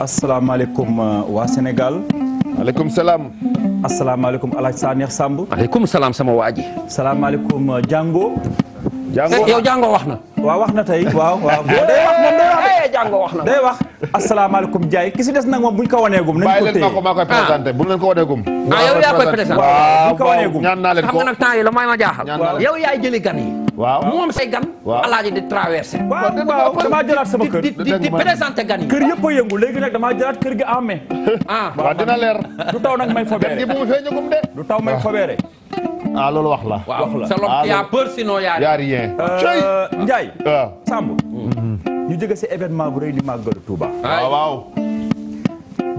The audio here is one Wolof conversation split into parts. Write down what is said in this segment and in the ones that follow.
asalaamaaleykum euh, waa Sénégal. maaleykum salaam. asalaamaaleykum El Hadj Sanex Samb. maaleykum salaam sama waa ji. salaamaaleykum euh, Django. Django eh, yow Django wax na. waaw wax na tey waaw waaw. day wax moom day wax eh, eh, Django wax na. day wax asalaamaaleykum Ndiaye ki si des nag moom bu ñu ko waneegum. nañu ko téye bàyyi leen ko maa koy présenté bu leen ko waneegum. ah yow yaa koy présenté waaw ñaan naa leen ko xam nga nag temps yi la may ma jaaxal. yow yaay jëli gan yi. waaw mu am say gan. waaw alaaji di traversé. waaw waaw damaa jëlaat sama kër. di di di présenté gan kër yëpp a yëngu léegi nag damaa jëlaat kër gi en ah. waaw dina leer. du taw nag may fobeere gan gi bu mu feeñagum de. du taw may wax ah, ah, la. wax la waaw y' a peur sinon y' a rien. Euh, Ndiaye. waaw Samb. Mm-hmm. ñu si événement bu rëy di màggalu Touba. waaw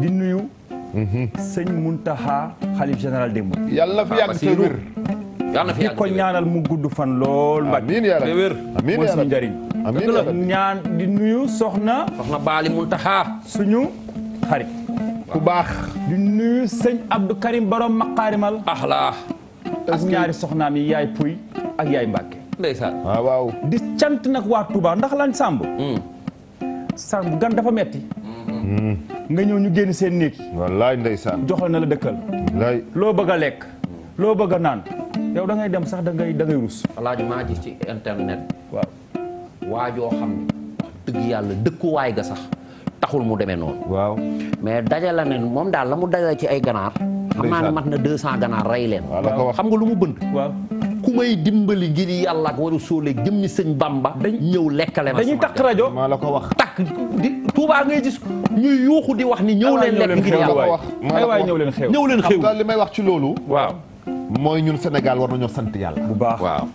di nuyu. Mm-hmm. sëñ Muntaxa xalif général des Mourides. yàlla fi yàgg sa di ko ñaanal mu gudd fan lool. amiin yàlla amiin yàlla suñu njëriñ. amiin yàlla ñaan di nuyu soxna. soxna Baali Muntaxa. suñu xarit. ku baax. di nuyu sëñ Abdou Karim Borom Maqaarimal. axlaa. Ah ak ñaari soxnaam yi yaay puy ak yaay Mbàkke. ndeysaan waaw ah, waaw. di cant nag waa Touba ndax lan Samb. Hmm. Samb gan dafa metti hmm. nga ñëw ñu génn seen néeg. wallaay ndeysaan joxal na la dëkkal. loo bëgg a lekk. loo bëgg a naan yow dangay dem sax da ngay da ngay rus. alaaji maa gis ci internet. waaw waajoo xam ne wax dëgg yàlla dëkkuwaay ga sax taxul mu demee noonu. waaw mais dajala ne moom daal la mu dajala ci ay ganaar. xam naa ne mat na 200 ganaar leen. xam nga lu mu bënd. waaw ku may dimbali ngir yàlla ak waru sóole jëmmi sëñ Bamba. dañ ñëw lekkale ma dañuy takk rajo maa la ko wax. takk di Touba ngay gis ñuy yuuxu di wax ni ñëw leen lekk ngir yàlla. aywaay ñëw leen xew ñëw leen xew. li may wax ci loolu. mooy ñun Sénégal war nañoo sant yàlla. bu baax waaw.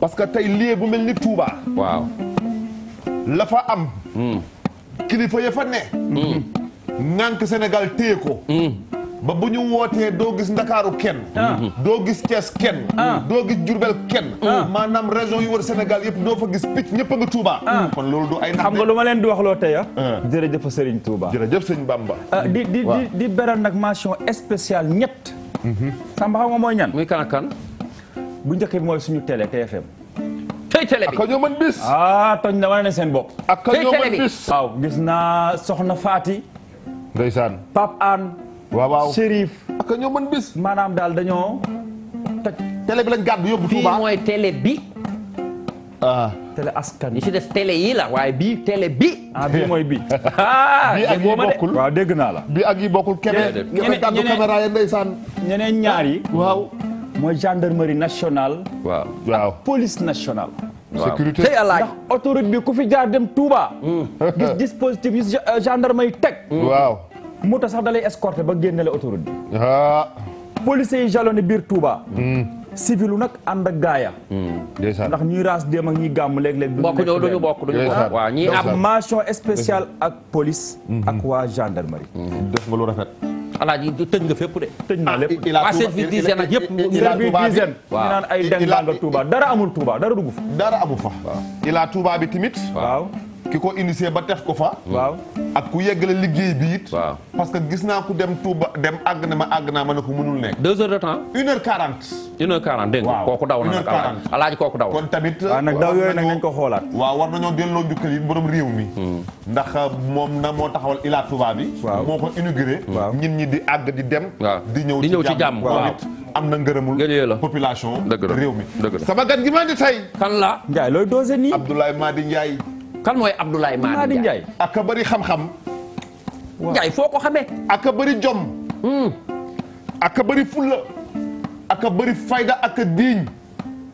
parce que tey lieu bu mel ni Touba. waaw. la fa am. Hmm. kilifa ya fa ne. ŋànk hmm. Sénégal téye ko. Hmm. ba bu ñu wootee doo gis ndakaaru kenn. Ah. doo gis Thiès kenn. Ah. doo gis Diourbel kenn. Ah. maanaam région yu war Sénégal yëpp doo fa gis picc ñëpp nga Touba. kon loolu du ay xam nga lu ma leen di wax loo tey ah. jërëjëf Serigne Touba. jërëjëf Serigne baam ba di di beral nag mention spéciale ñett. Samba xaw nga mooy ñan. muy kan bu njëkk bi mooy suñu télé TFM. tey télé bi ak ñoo mën bis. ah toj wane na seen bopp. ak ñoo mën bis waaw gis naa Soxna Faati. ndeysaan Pape Anne. waaw waaw Chérif. ak ñoo mën bis. maanaam daal dañoo. télé bi lañ gàddu yóbbu Touba fii mooy télé bi. Ah. télé askan yi ci des tele yi la waaye bii tele bi. ah bii mooy bii. Ah, bii ak bokkul waaw dégg naa la. bii ak yi bokkul keneen. ñeneen ñeneen caméra ya ndeysaan. ñeneen ñaar waaw mooy gendarmerie national waaw waaw police national sécurité tey alaaj ndax ku fi jaar dem Touba. Hmm. gis dispositif yi euh, gendarme yi teg. Hmm. waaw moto sax da lay ba génne la autoroute bi. Ah. policiers yi jalonné biir Touba. Hmm. civilu nag ànd ak gaaya hmm, ndax ñuy raas dem ak ñuy gàmm léeg-léeg bokk ñoo duñu bokk duñu bokk waaw ñii am mention spéciale ak police hmm. ak waa gendarmerie hmm. def nga lu rafet alaaji tëj nga fépp de tëj naa ah, lépp waa service d'hygiène ak yëpp service d'hygiène ñu naan ay deng nga Touba dara amul Touba dara dugg dara amul fa ilaa Touba bi timit waaw ki ko initié ba tef ko fa. ak ku yeggale liggéey bi it. waaw parce que gis naa ku dem Touba dem àgg na ma àgg naa ma ne ko mënul nekk. deux heures de temps. une heure quarante. une heure quarante dégg nga kooku daw na nag alaaji kooku daw kon tamit. waaw daw yooyu nag nañ ko xoolaat. waaw war nañoo delloo njukkal yi borom réew mi. Hmm. ndax euh, moom na moo taxawal Ila Touba bi. waaw moo ko inauguré. waaw ñin ñi di àgg di dem. di ñëw ci jàmm di ñëw ci jàmm waaw am na ngërëmul population réew mi sama gan gi ma di tey kan la Ndiaye looy dosé nii Abdoulaye kan mooy Abdoulaye Madi Ndiaye ak a bëri xam-xam. Ndiaye foo ko xamee. ak bari bëri jom. Hmm. ak a fulla ak a fayda ak diiñ.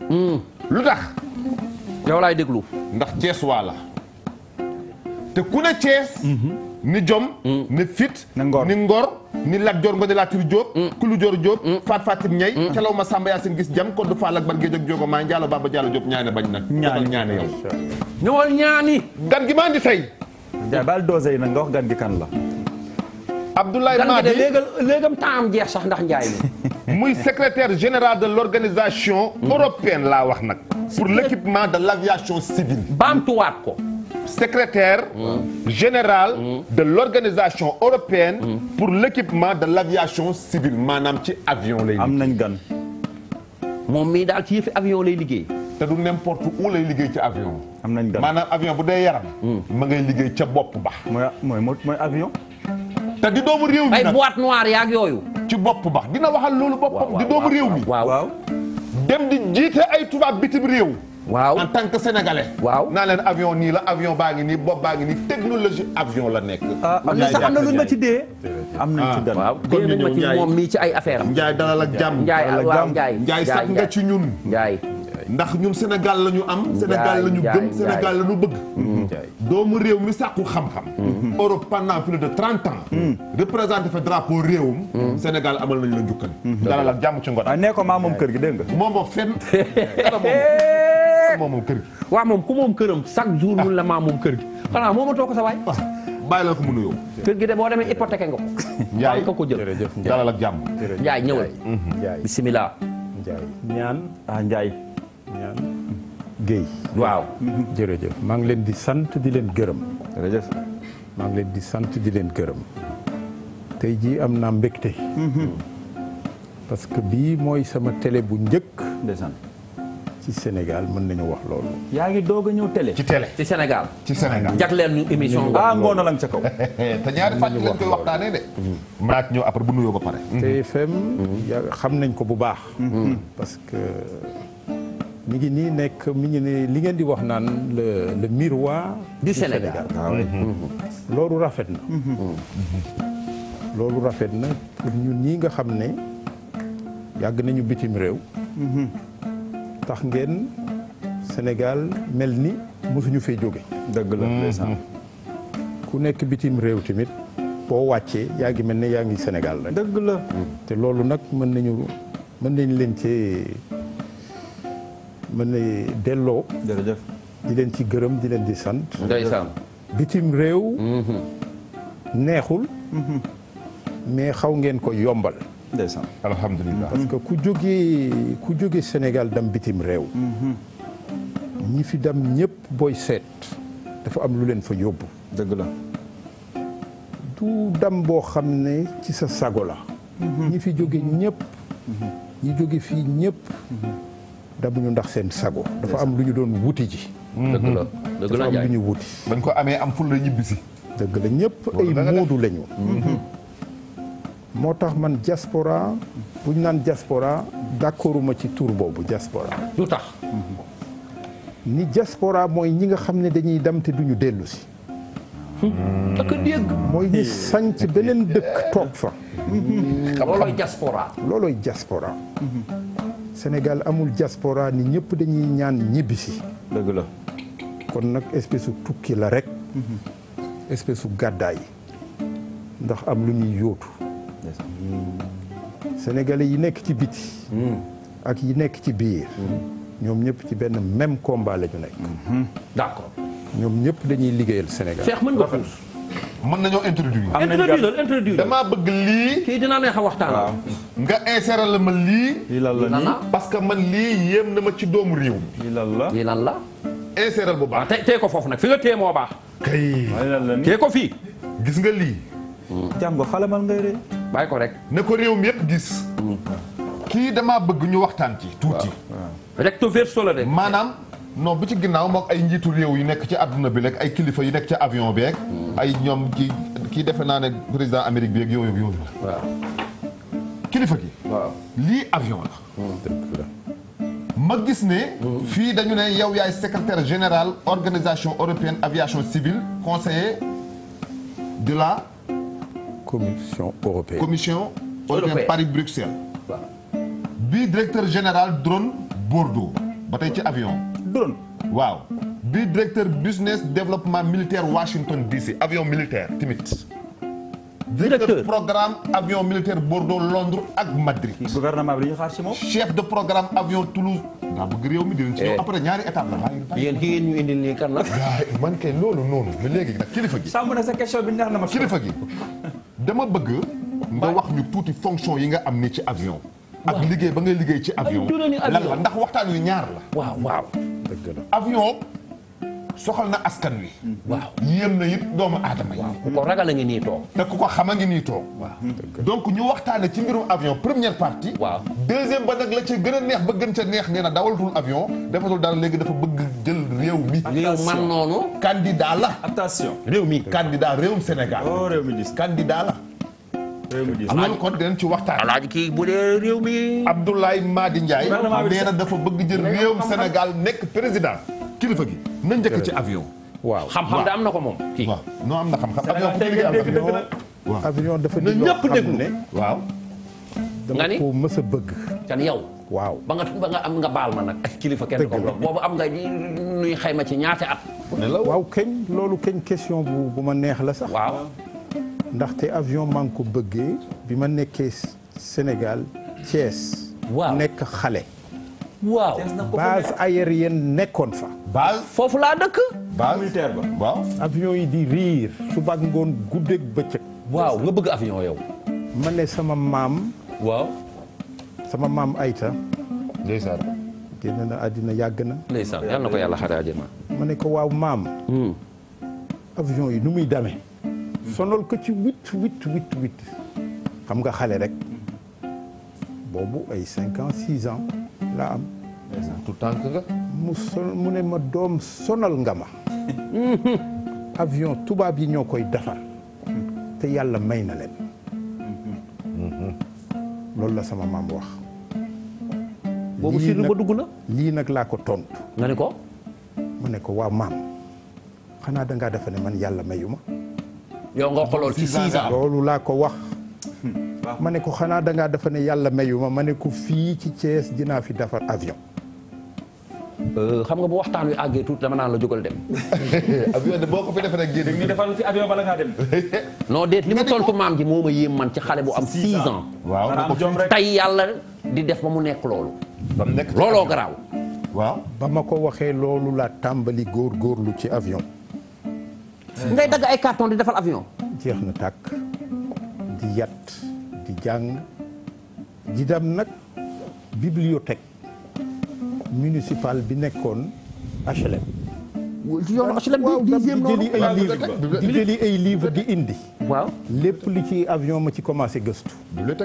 Hmm. lu tax. yow laay déglu. ndax Cees waa te ku ne Cees. ni jom mm. ni fit ni ngor ni Lat Joor Ngoone Latiir Jóob mm. Kulu Joor Jóob mm. faat fatim ñay calaw ma samba yaa seen gis jam kon du faal ak bargee jóg jógo maa njaalo baba jaalo jóob ñaane bañ nag ñaani ñaane yow ñëwal ñaani gan gi maa ndi tey baal doose yi nag nga wax gan gi kan la Abdoulaye Madi gan gi de léegam temps am jeex sax ndax njaay mi muy secrétaire général de l'organisation européenne laa wax nag pour l'équipement de l'aviation civile baamtuwaat ko secrétaire général de l'organisation européenne pour l'équipement de l'aviation civile maanaam ci avion lay am nañ gan moom mii daal ci yëfi avion lay liggéey te du n'importe où lay liggéey ci avion am nañ gan maanaam avion bu dee yaram ma ngay liggéey ca bopp ba mooy mooy avion te di doomu réew mi ay boîte noire yaag yooyu ci bopp ba dina waxal loolu boppam di doomu réew mi waaw dem di jiite ay tubaab bitim réew waaw en tant que sénégalais. waaw naa leen avion nii la avion baa ngi nii bopp baa ngi nii technologie avion la nekk. Ah, ni na sax am na luñ ma ci dee. am nañ ci gan ah, waaw ah. dee nañ ma mii ci ay affaire am. Ndiaye dalal ak jàmm Ndiaye waaw Ndiaye sax nga ci ñun. Ndiaye. ndax ñun Sénégal la ñu am. Sénégal la ñu gëm Sénégal la bëgg. Mm-hmm. doomu réew mi sàkku xam-xam. Mm-hmm. Europe pendant plus de trente ans. Mm-hmm. représenté fa drapeau réewum. Sénégal amal nañu la njukkal. dalal ak jàmm ci ngoon. ah maa moom kër gi dégg nga. moom moo fenn. kan moom moom kër gi. waaw moom ku moom këram chaque jour mun la maa moom kër gi xanaa moo ma toog sa waay. Ah, bàyyi la ko mu nuyoo. kër gi de boo demee hypothèque nga ko. Ndiaye ko ko jël ak jàmm. Ndiaye ñëwal. Ndiaye hmm. bisimilah. Ndiaye ñaan ah Ndiaye. ñaan Guèye. waaw. jërëjëf maa ngi leen di sant di leen gërëm. maa ngi leen di sant di leen gërëm. tey jii am naa mbégte. Hmm. parce que bii mooy sama tele bu njëkk. ndeysaan. ci Sénégal mën nañu wax loolu. yaa ngi doog a ñëw télé. ci télé ci Sénégal. ci Sénégal jagleel ñu émission bi. ah ngoon na la nga ca kaw. te ñaari fànn lañ koy waxtaanee de. Mm-hmm. maak ñëw après bu nuyoo ba pare. TFM. Mm-hmm. Mm-hmm. xam nañ ko bu baax. parce que mu ngi nii nekk mi ngi ne li ngeen di wax naan le le miroir. du Sénégal ah loolu rafet na. loolu rafet na pour ñun ñii nga xam ne yàgg nañu bitim réew. tax ngeen Sénégal mel ni mosuñu fee jóge dëgg la mhm. ndeysaan ku nekk bitim réew tamit boo wàccee yaa ngi mel ne yaa ngi Sénégal rek. dëgg la te loolu nag mën nañu mën nañ leen cee mën na delloo. jërëjëf di leen ci gërëm di leen di sant. ndeysaan bitim réew. Mhm. neexul. Mhm. mais xaw ngeen ko yombal. ndeysaan alhamdulilah parce que ku jógee ku jóge senegal dem bitim réew mhm. ñi fi dem ñëpp booy seet dafa am lu leen fa yóbbu dëgg la du dem boo xam ne ci sa sago la mhm. ñi fi jóge ñëpp mhm. ñi jóge fii ñëpp damuñu ndax seen sago dafa am lu ñu doon wuti ji dëgg la dëgg la dafa am lu ñu wuti dañ ko amee am ful la ñibbisi dëgg la ñëpp ay moodu lañu moo tax man diaspora bu ñu naan diaspora d'accorduma ci tur boobu diaspora lu tax ni diaspora mooy ñi nga xam ne dañuy dem te duñu dellu si ak hmm. dégg mooy ñu sanc beneen dëkk toog fa loolooy diaspora loolooy amul diaspora ni ñëpp dañuy ñaan ñibbisi dëgg kon nag espèce su tukki la rek hmm. espèce su gàddaay ndax am lu ñuy yóotu ndeysaan yi nekk ci biti hmm. ak yi nekk ci biir hmm. ñoom ñëpp ci benn même combat la ñu nekk hmm. d'accord ñoom ñëpp dañuy liggéeyal Sénégal Cheikh mën nga xuus mën nañoo introduire introduire introduire damaa bëgg lii kii dinaa neex a waxtaan nga insérer la ma lii lii la nii parce que man lii yéem na ma ci doomu réew mi lii la lii lan la insérer bu baax ah, tey ko foofu nag fi nga téye moo baax tey ko fii gis nga lii jàngo xalamal ngay ree bàyyi ko rek. na ko mi yëpp gis. Hmm. kii damaa bëgg ñu waxtaan ci tuuti. recto verso la de. maanaam non bu ci ginnaaw mook ay njiitu réew yu nekk ci àdduna bi rek ay kilifa yu nekk ci avion bi rek. Hmm. ay ñoom ki kii defe naa ne président Amérique bi yeeg yooyu yooyu la. waaw kilifa gi. lii avion hmm. la. ma gis ne. fii dañu ne yow yaay secretaire général organisation européenne aviation civile conseiller de la. commission européenne. commission européenne Paris Bruxelles. waaw bii directeur général drone Bordeaux. ba tey ci avion. drone waaw. bii directeur business développement militaire Washington DC avion militaire timit directeur programme avion militaire Bordeaux Londres ak Madrid. gouvernement bi li ñu xaar ci moom. chef de programme avion Toulouse. daa bëgg réew mi dinañ ci ñëw eh. après ñaari étape la. yéen ki ngeen ñu indil nii kan la. man kay loolu noonu ba léegi nag kilifa gi. sa question bi neex na ma. kilifa dama bëgg. nga wax ñu tuuti fonction yi nga am ni ci avion. ak liggéey ba ngay liggéey ci avion. lan la ndax waxtaan wi ñaar la. waaw waaw dëgg soxal na askan wi. Mm-hmm. waaw yéem na yëpp doomu aadama yi. ku ko ragal a ngi nii toog. te ku ko xam a ngi nii toog. Mm-hmm. donc ñu waxtaane ci mbirum avion première partie. waaw deuxième ba nag la ca gën a neex ba gën ca neex nee na dawalatul avion defatul daal léegi dafa bëgg jël réew mi. réew man noonu. candidat la. attention réew mi candidat réewum Sénégal. oh réew mi dis candidat la. Ah, loolu kon dinañ ci waxtaan alaaji kii bu dee réew mi Abdoulaye Madi Ndiaye nee na dafa bëgg jël réewum Sénégal nekk président kilifa gi na njëkk ci avion. waaw xam-xam da am na ko moom kii. waaw am na xam-xam dafa ni dama ko mës a bëgg. yow. waaw nga am nga baal ma nag ak kilifa kenn ko am nga nuy xayma ci ñaate at. waaw kañ loolu kañ bu ma neex la sax. waaw. ndaxte avion maa ko bëggee bi ma nekkee Sénégal Thiès. nekk xale. waaw base nekkoon fa. base foofu laa dëkk. base militaire ba waaw. avion yi di riir suba ak ngoon guddeeg bëccëg. waaw nga bëgg avion yow. ma ne sama maam. waaw. sama maam Ayta. ndeysaan. génn na àddina yàgg na. ndeysaan yal na ko yàlla xare àjjana. ma ne ko waaw maam. Hmm. avion yi nu muy demee. sonal ko ci huit huit huit huit. xam nga xale rek. boobu ay cinq ans six ans am. mu son mu ne ma doom sonal nga ma avion tubaab yi ñoo koy defar te yàlla may na leen loolu la sama maam wax boobu si lu dugg la lii nag laa ko tontu nga ne ko ma ne ko waaw maam xanaa dangaa defe ne man yàlla mayu ma yow nga xolool ci six loolu laa ko wax hmm. ma ne ko xanaa dangaa defe ne yàlla mayu ma ma ne ko fii ci Thiès dinaa fi defar avion Euh, xam nga boo waxtaan wi àggee tuuti dama naan la jógal dem. avion de boo ko fi defee rek génn. ñu defal fi avion bala ngaa dem. non déet li ma tontu maam ji moo a yéem man ci xale bu am. 6 ans waaw tey yàlla di def ba mu nekk loolu. ba nekk looloo garaaw. waaw ba ma ko waxee loolu la tàmbali góor góorgóorlu ci avion. ngay dagg ay carton di defal avion. jeex na tàkk di yat di jàng di dem nag bibliothèque. municipal bi nekkoon HLM. ci yoonu HLM bi di jëli ay di jëli ay livre di indi. waaw lépp lu ci avion ma ci commencé gëstu.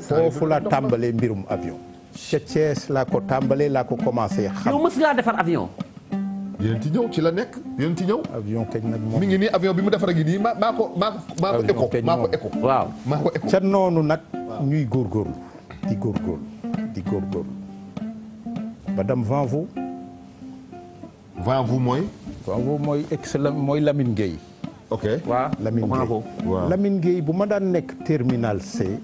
foofu laa tàmbalee mbirum avion. ca Thiès laa ko tàmbalee laa ko commencé. xam yow mës ngaa defar avion. yéen ci ñëw ci la nekk yéen ci ñëw. avion kañ nag moom mi ngi nii avion bi mu defar gi nii maa maa ko maa ko éco maa ko éco. ca noonu nag. ñuy góorgóorlu di góorgóorlu di góorgóorlu. madame Vanvo. Vanvo mooy. Vanvo mooy ex mooy Lamine Gueye. ok waaw bu ma daan nekk terminal C.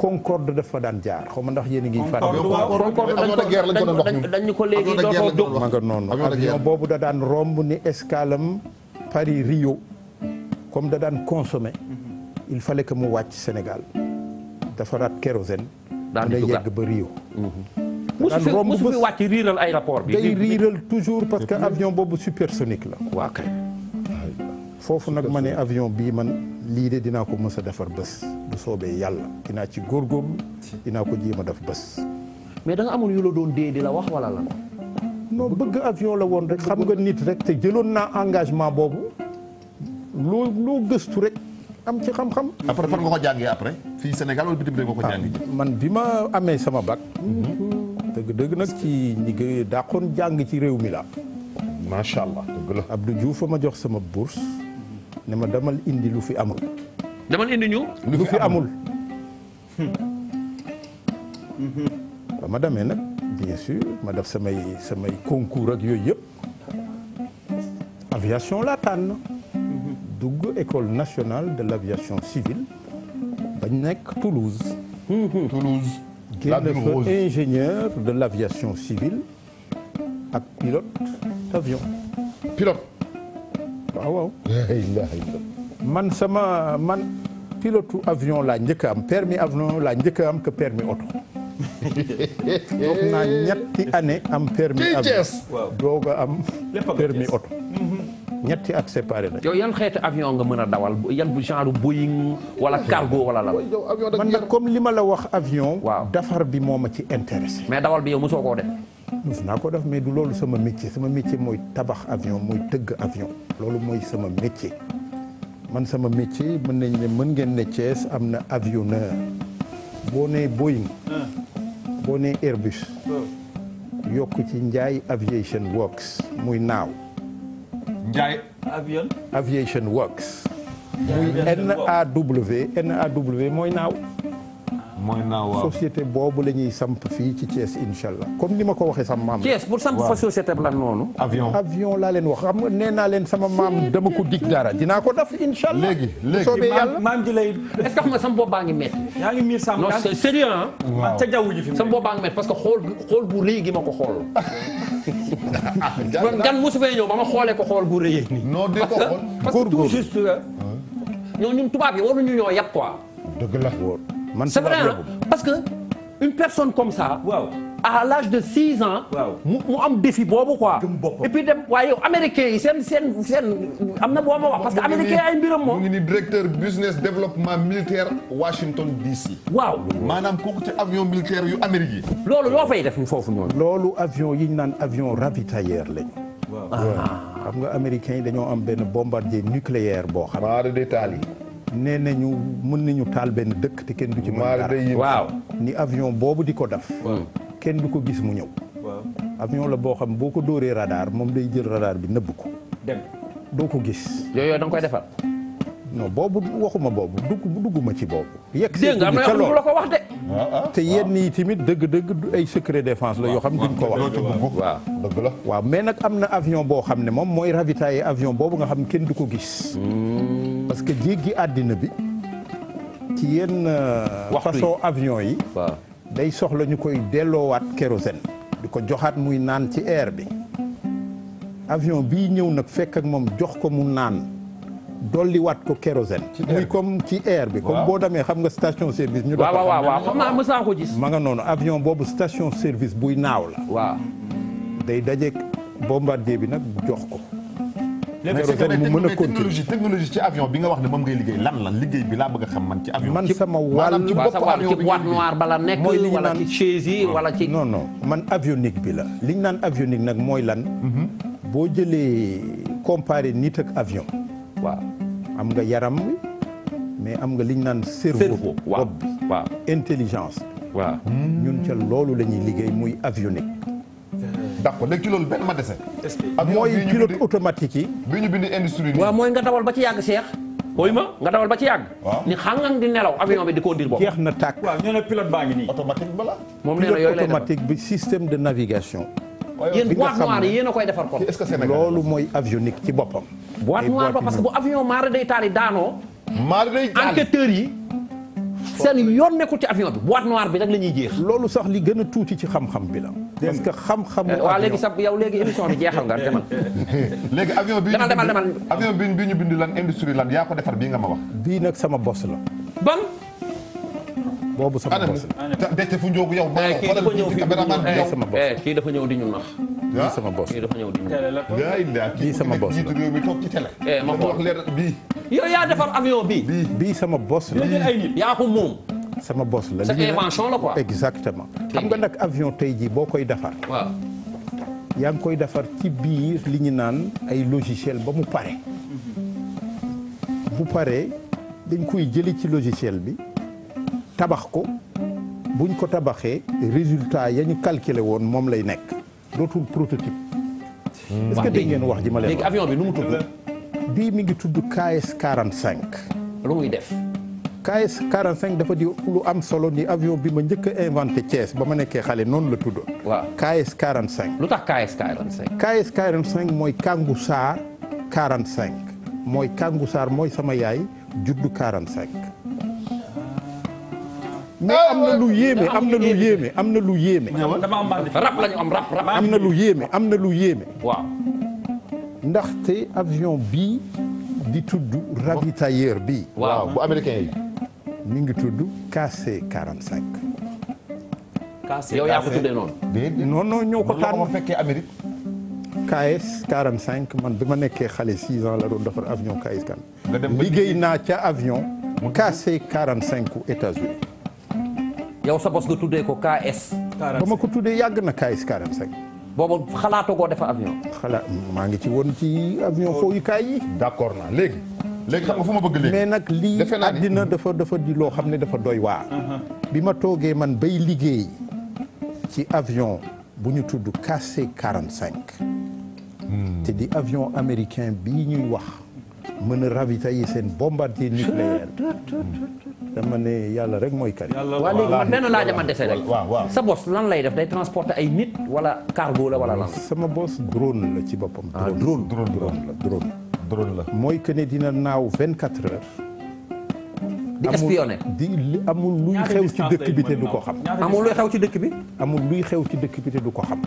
Concorde dafa daan jaar xaw ndax yéen a ngi. fàttali ma daan romb ni escalam Paris Rio comme da daan consommé. Mhm. il fallait que mu wàcc Sénégal. dafa rat kérosène. daan yegg ba Rio. Mhm. musu fi musu fi wàcc riiral aéroport bi. day riiral toujours parce que avion boobu supersonique la. waaw kay. foofu nag ma avion bii man lii de dinaa ko mës a defar bés bu soobee yàlla dinaa ci góor góorgóorlu dinaa ko jéem a def bés. mais da nga amoon doon dee di wax wala la. non bëgg la woon rek xam nga nit rek te jëloon naa engagement boobu loo loo gëstu rek ci xam après fan nga ko jàngee fii Sénégal wala bitim réew ah, man bi ma amee sama bac. Mhm. dëgg-dëgg nag ci ñi ngi jàng ci réew mi laa macha allah dëgg la Abdou ma jox sama bourse ne ma demal indi lu fi amul demal indi ñu lu fi amul ba ma demee nag bien sûr ma def samay samay concours ak yooyu yëpp aviation laa tànn dugg école nationale de l' aviation civile bañ nekk Toulouse la il fut rose. ingénieur de l'aviation civile ak pilote d'avion. pilote. waaw waaw. man sama man pilote avion laa njëkk am permis avion laa njëkk a am que permis oto. donc naa ñetti année am permis avion doog am permis oto. ñetti ak séparé nañ. yow yan avion nga mën a dawal yan genre Boeing wala cargo wala la. man nag comme li ma la wax avion. waaw dafar bi moo ma ci intéressé. mais dawal bi yow mosoo koo def. mos naa ko def mais du loolu sama métier sama métier mooy tabax avion mooy tëgg avion. loolu mooy sama métier man sama métier mën nañ ne mën ngeen ne Thiès am na avionneur boo nee Boeing. boo nee Airbus. Hmm. yokk ci Ndiaye Aviation Works muy naaw. Ndiaye avion aviation works muy NAW NAW mooy naaw mooy Naawa société boobu la ñuy samp fii ci Thiès incha allah comme ni ma ko waxee sama maam. Thiès pour samp fa société bi lan noonu. avion laa leen wax xam nga nee naa leen sama maam dama ko dig dara dinaa ko def incha allah. léegi léegi soobee yàlla maam ji lay. est ce que xam ngi métti. yaa ngi miir sàmm ji fi sama bopp baa ngi métti parce que xool xool bu rëy gi ma ko xool. ah gan mosu fee ñëw ba ma xoolee ko xool bu rëy nii. non de ko xool góor góor parce que tout juste. Euh, ñoo ñun tubaab yi waruñu ñoo yab quoi. dëgg la man c'est parce que une personne comme ça. waaw à l'âge de six ans. waaw mu mu am défi boobu quoi. dem waaye yow américain yi seen seen seen am na boo wax. parce que américain ay mbiram moom. mu ngi ni directeur développement militaire Washington DC. waaw maanaam kooku ci avion militaire yu Amérique yi. loolu loo fay def foofu noonu. loolu avion yi ñu naan avion ravitailleur lañu. waaw ah. xam nga américain yi dañoo am benn bombardier nucléaire boo xam. maa de yi. nee nañu mën nañu taal benn dëkk te kenn du ci mën dara waaw ni avion boobu di ko def kenn du ko gis mu ñëw avion la boo xam boo ko dóoree radar moom day jël radar bi nëbb ko dem doo ko gis yooyu yooyu koy defar non boobu waxuma boobu dugg dugguma ci boobu yegg dégg am na lu ah, ah. yenn yi tamit dëgg-dëgg du ay secret défense la yoo xam duñ ko wax waaw dëgg la mais nag am na avion boo xam ne moom mooy ravitailler avion boobu nga xam kenn du ko gis hmm. parce que jéggi àddina bi ci yenn euh, façon avion yi day soxla ñu koy delloowaat kérosen di ko joxaat muy naan ci air bi avion bii ñëw nag fekk ak moom jox ko mu naan dolliwaat ko kérosène muy comme ci air bi comme boo demee xam nga station service ñu dafa waaw waaw xam naa ko gis ma nga noonu avion boobu station service buy naaw la waaw day dajeek bombardier bi nag jox ko léegi mu mën a continuer technologie ci avion bi nga wax ne moom ngay liggéey lan la liggéey bi laa bëgg a xam man ci avion. man ci boîte noire bala nekk wala ci chaise yi wala ci. non non man avionique bi la li ñu naan avionique nag mooy lan. Mhm. boo jëlee comparé nit ak avion. waaw am nga yaram mais am nga li ñu naan cerveau. waaw bopp bi intelligence. waaw ñun ca loolu la ñuy liggéey muy avionique. d'accord léegi loolu mooy pilote automatique yi. bi ñu bind industrie bi. mooy nga dawal ba ci yàgg seex. ooy ma nga dawal ba ci yàgg. ni xàngang di nelaw avion bi di ko conduire boobu. jeex na tàkk waaw baa ngi nii. automatique bala. moom automatique bi système de navigation. yéen boîte noire yi a koy defar kon. est-ce loolu mooy avionique ci boppam. boîte noire parce que bu avion maara day taal yi daanoo. maara day taal yi. seen yoon nekkul ci avion bi boîte noire bi rek la ñuy jeex. loolu sax li gën a tuuti ci xam-xam bi la. parce que xam-xamu. Eh, avion waaw léegi sax yow léegi émission bi jeexal nga demal. léegi avion bi demal demal demal avion bi ñu bind lan industrie lan yaa ko defar bii nga ma wax. bii nag sama bos la. ban. boobu sama bos la. ana fu njóogu yow. Eh, kii dafa ñëw fii bu ñu eh, kii dafa ñëw di ñu nax. bii sama bos. kii dafa ñëw di ñëw. bii sama bos la eh, ma xool yow yaa defar avion bii. bii sama bos la. yaa ko moom. sama bos la. sa invention la quoi. exactement. xam nga nag avion tey jii boo koy defar. waaw. yaa ngi koy defar ci biir li ñu naan ay logiciel ba mu pare. bu paree dañ koy jëli ci logiciel bi tabax ko buñ ko tabaxee résultat ya ñu calculé woon moom lay nekk. dootul prototype. Hmm. est ce ngeen wax ji ma leen léegi tudd. bii mi ngi tudd KS cinq lu muy def. KS 45 dafa di lu am solo ni avion bi ma njëkk a inventé Thiès ba ma nekkee xale noonu la tudd tuddoon. waaw KS 45. lu tax KS 45. KS cinq mooy Kangou Sarr 45 mooy Kangou Sarr mooy sama yaay juddu 45. mais am na lu yéeme na am na lu yéeme. am na lu yéeme am na lu yéeme. waaw. ndaxte avion bii di tudd ravitailleur bii. waaw bu américain yi. mi ngi tudd KC 45. KC yow yaa ko tuddee noonu. ko tànn fekkee Amérique. KS 45 man bi ma nekkee xale 6 ans la doon defar avion KS kan. liggéey naa ca avion. KC 45 u États-Unis yow sa bos nga tuddee ko KS. 45 ba ma ko tuddee yàgg na KS 45. booba xalaatoo koo defa avion. xalaat maa ngi ci woon ci avion fooyukaay yi. d'accord naa léegi. léegi xam nga fu ma bëgg léegi mais nag lii àddina dafa dafa di loo xam ne dafa doy waar. Uh-huh. bi ma toogee man bay liggéey ci avion bu ñu tudd KC 45. Hmm. te di avion américain bi ñuy wax. mën a yi seen bombardier nucléaire dama yàlla rek mooy kari. waa léegi man laaj ma dese rek. sa bos lan lay def day transporter ay nit wala cargo la wala lan. sama bos drone la ci boppam. ah drone drone la mooy que ne dina naaw vingt quatre heures. di espionné amul luy xew ci dëkk bi te du ko xam. amul ci dëkk bi. amul xew ci dëkk bi ko xam.